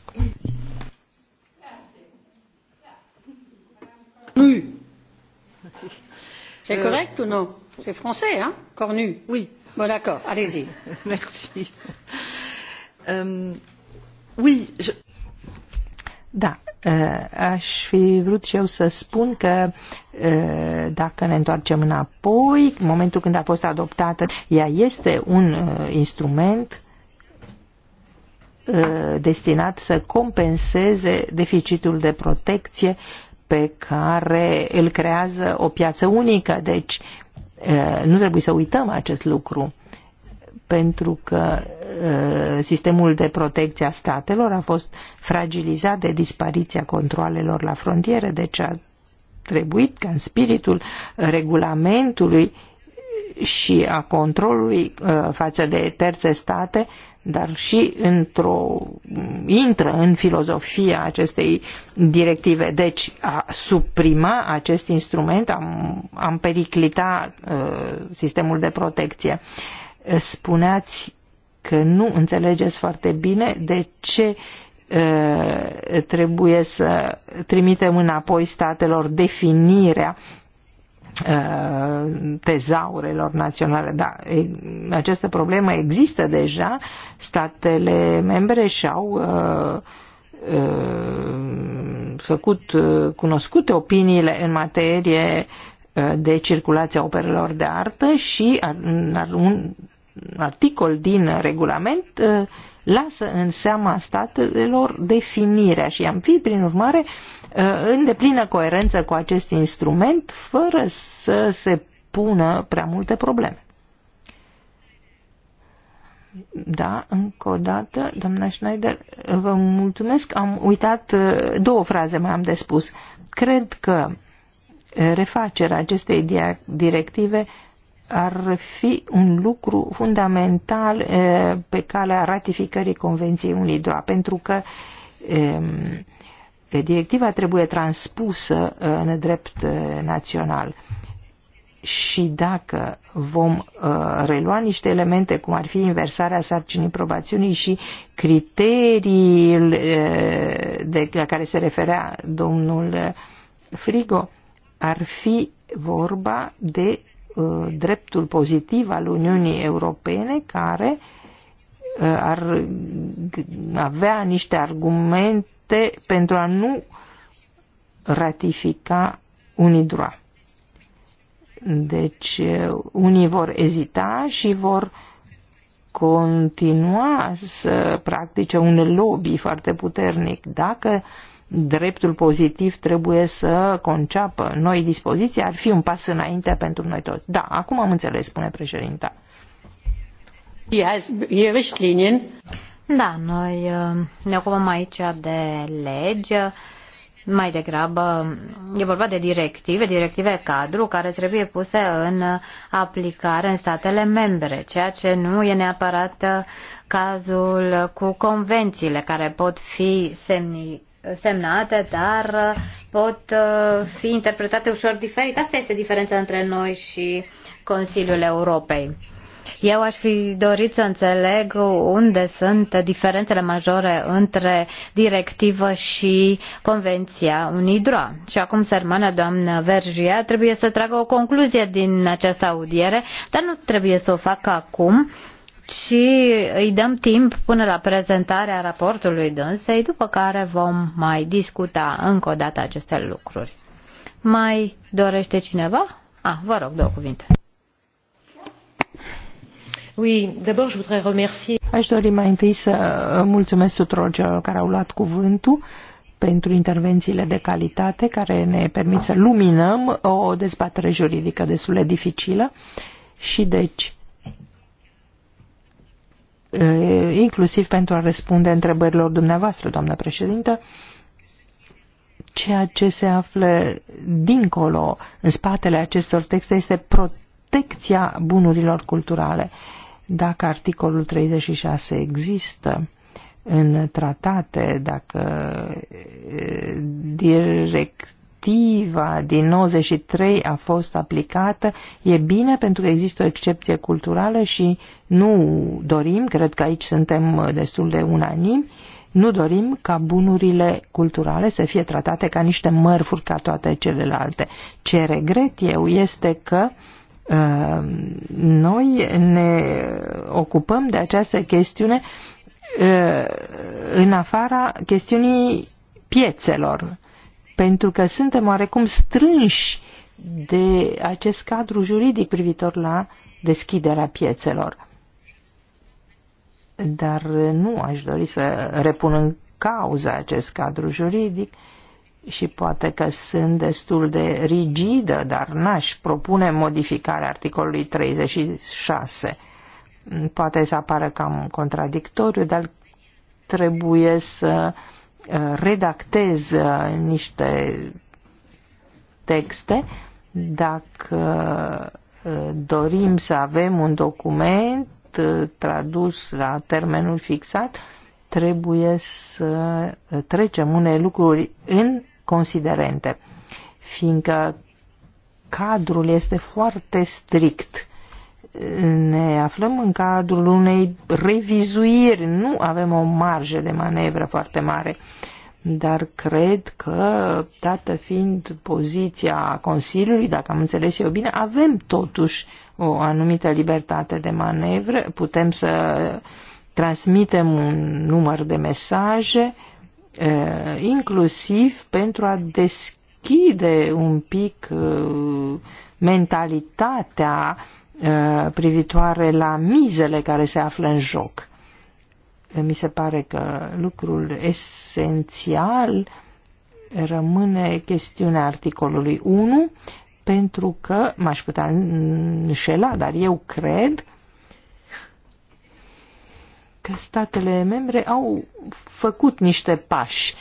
Speaker 1: C'est euh. correct ou non C'est français, hein Cornu Oui. Bon, d'accord, allez-y. Merci. Euh, oui, je... Da, Eh, aș fi vrut și eu să spun că eh, dacă ne întoarcem înapoi, în momentul când a fost adoptată, ea este un eh, instrument destinat să compenseze deficitul de protecție pe care îl creează o piață unică. Deci nu trebuie să uităm acest lucru pentru că uh, sistemul de protecție a statelor a fost fragilizat de dispariția controalelor la frontiere, deci a trebuit ca în spiritul regulamentului și a controlului uh, față de terțe state, dar și într-o intră în filozofia acestei directive. Deci a suprima acest instrument, a am periclita uh, sistemul de protecție. Uh, spuneați că nu înțelegeți foarte bine de ce trebuie să trimitem înapoi statelor definirea tezaurelor naționale. Da, această problemă există deja. Statele membre și-au făcut cunoscute opiniile în materie de circulația operelor de artă și articol din regulament uh, lasă în seama statelor definirea și am fi, prin urmare, uh, în deplină coerență cu acest instrument, fără să se pună prea multe probleme. Da, încă o dată, doamna Schneider, vă mulțumesc. Am uitat uh, două fraze, mai am de spus. Cred că refacerea acestei directive ar fi un lucru fundamental pe calea ratificării Convenției UNIDROA, pentru că directiva trebuie transpusă în drept național și dacă vom uh, relua niște elemente cum ar fi inversarea sarcinii probațiunii și criteriul uh, de, la care se referea domnul Frigo, ar fi vorba de Uh, dreptul pozitiv al Uniunii Europene care uh, ar avea niște argumente pentru a nu ratifica UNIDROA. Deci uh, unii vor ezita și vor continua să practice un lobby foarte puternic. Dacă uh, dreptul pozitiv trebuie să conceapă noi dispoziții, ar fi un pas înainte pentru noi toți. Da, acum am înțeles, spune președinta.
Speaker 3: Da, noi uh, ne ocupăm aici de legi, mai degrabă e vorba de directive, directive cadru care trebuie puse în aplicare în statele membre, ceea ce nu e neapărat cazul cu convențiile care pot fi semni semnate, dar uh, pot uh, fi interpretate ușor diferit. Asta este diferența între noi și Consiliul Europei. Eu aș fi dorit să înțeleg unde sunt diferențele majore între directivă și Convenția UNIDROA. Și acum, sermana doamnă Vergia trebuie să tragă o concluzie din această audiere, dar nu trebuie să o facă acum, și îi dăm timp până la prezentarea raportului dânsei, după care vom mai discuta încă o dată aceste lucruri. Mai dorește cineva? Ah, vă rog, două cuvinte.
Speaker 1: Oui, d'abord je voudrais remercier. Aș dori mai întâi să uh, mulțumesc tuturor celor care au luat cuvântul pentru intervențiile de calitate care ne permit să luminăm o dezbatere juridică destul de dificilă și deci Eh, inclusiv pentru a răspunde întrebărilor dumneavoastră, doamnă președintă, ceea ce se află dincolo, în spatele acestor texte, este protecția bunurilor culturale. Dacă articolul 36 există în tratate, dacă eh, direct directiva din 93 a fost aplicată, e bine pentru că există o excepție culturală și nu dorim, cred că aici suntem destul de unanimi, nu dorim ca bunurile culturale să fie tratate ca niște mărfuri ca toate celelalte. Ce regret eu este că uh, noi ne ocupăm de această chestiune uh, în afara chestiunii piețelor pentru că suntem oarecum strânși de acest cadru juridic privitor la deschiderea piețelor. Dar nu aș dori să repun în cauză acest cadru juridic și poate că sunt destul de rigidă, dar n-aș propune modificarea articolului 36. Poate să apară cam contradictoriu, dar trebuie să uh, redactez uh, niște texte, dacă uh, dorim să avem un document uh, tradus la termenul fixat, trebuie să trecem unele lucruri în considerente, fiindcă cadrul este foarte strict ne aflăm în cadrul unei revizuiri. Nu avem o marjă de manevră foarte mare, dar cred că, dată fiind poziția Consiliului, dacă am înțeles eu bine, avem totuși o anumită libertate de manevră, putem să transmitem un număr de mesaje, inclusiv pentru a deschide un pic mentalitatea Uh, privitoare la mizele care se află în joc. Mi se pare că lucrul esențial rămâne chestiunea articolului 1, pentru că m-aș putea înșela, dar eu cred că statele membre au făcut niște pași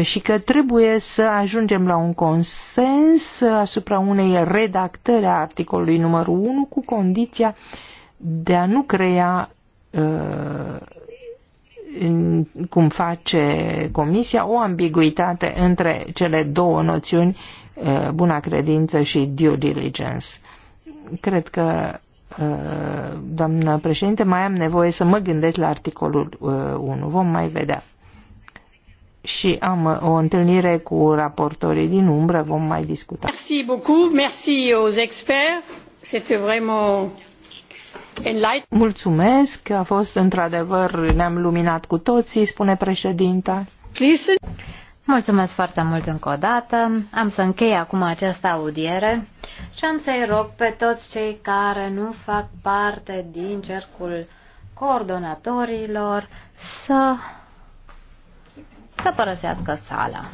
Speaker 1: și că trebuie să ajungem la un consens asupra unei redactări a articolului numărul 1 cu condiția de a nu crea cum face Comisia, o ambiguitate între cele două noțiuni, buna credință și due diligence. Cred că Uh, doamnă președinte, mai am nevoie să mă gândesc la articolul 1. Uh, vom mai vedea. Și am uh, o întâlnire cu raportorii din umbră, vom mai discuta. Merci
Speaker 2: beaucoup, merci aux experts. C'était vraiment
Speaker 1: Mulțumesc, a fost într-adevăr, ne-am luminat cu toții, spune președinta.
Speaker 3: Listen. Mulțumesc foarte mult încă o dată. Am să închei acum această audiere și am să-i rog pe toți cei care nu fac parte din cercul coordonatorilor să, să părăsească sala.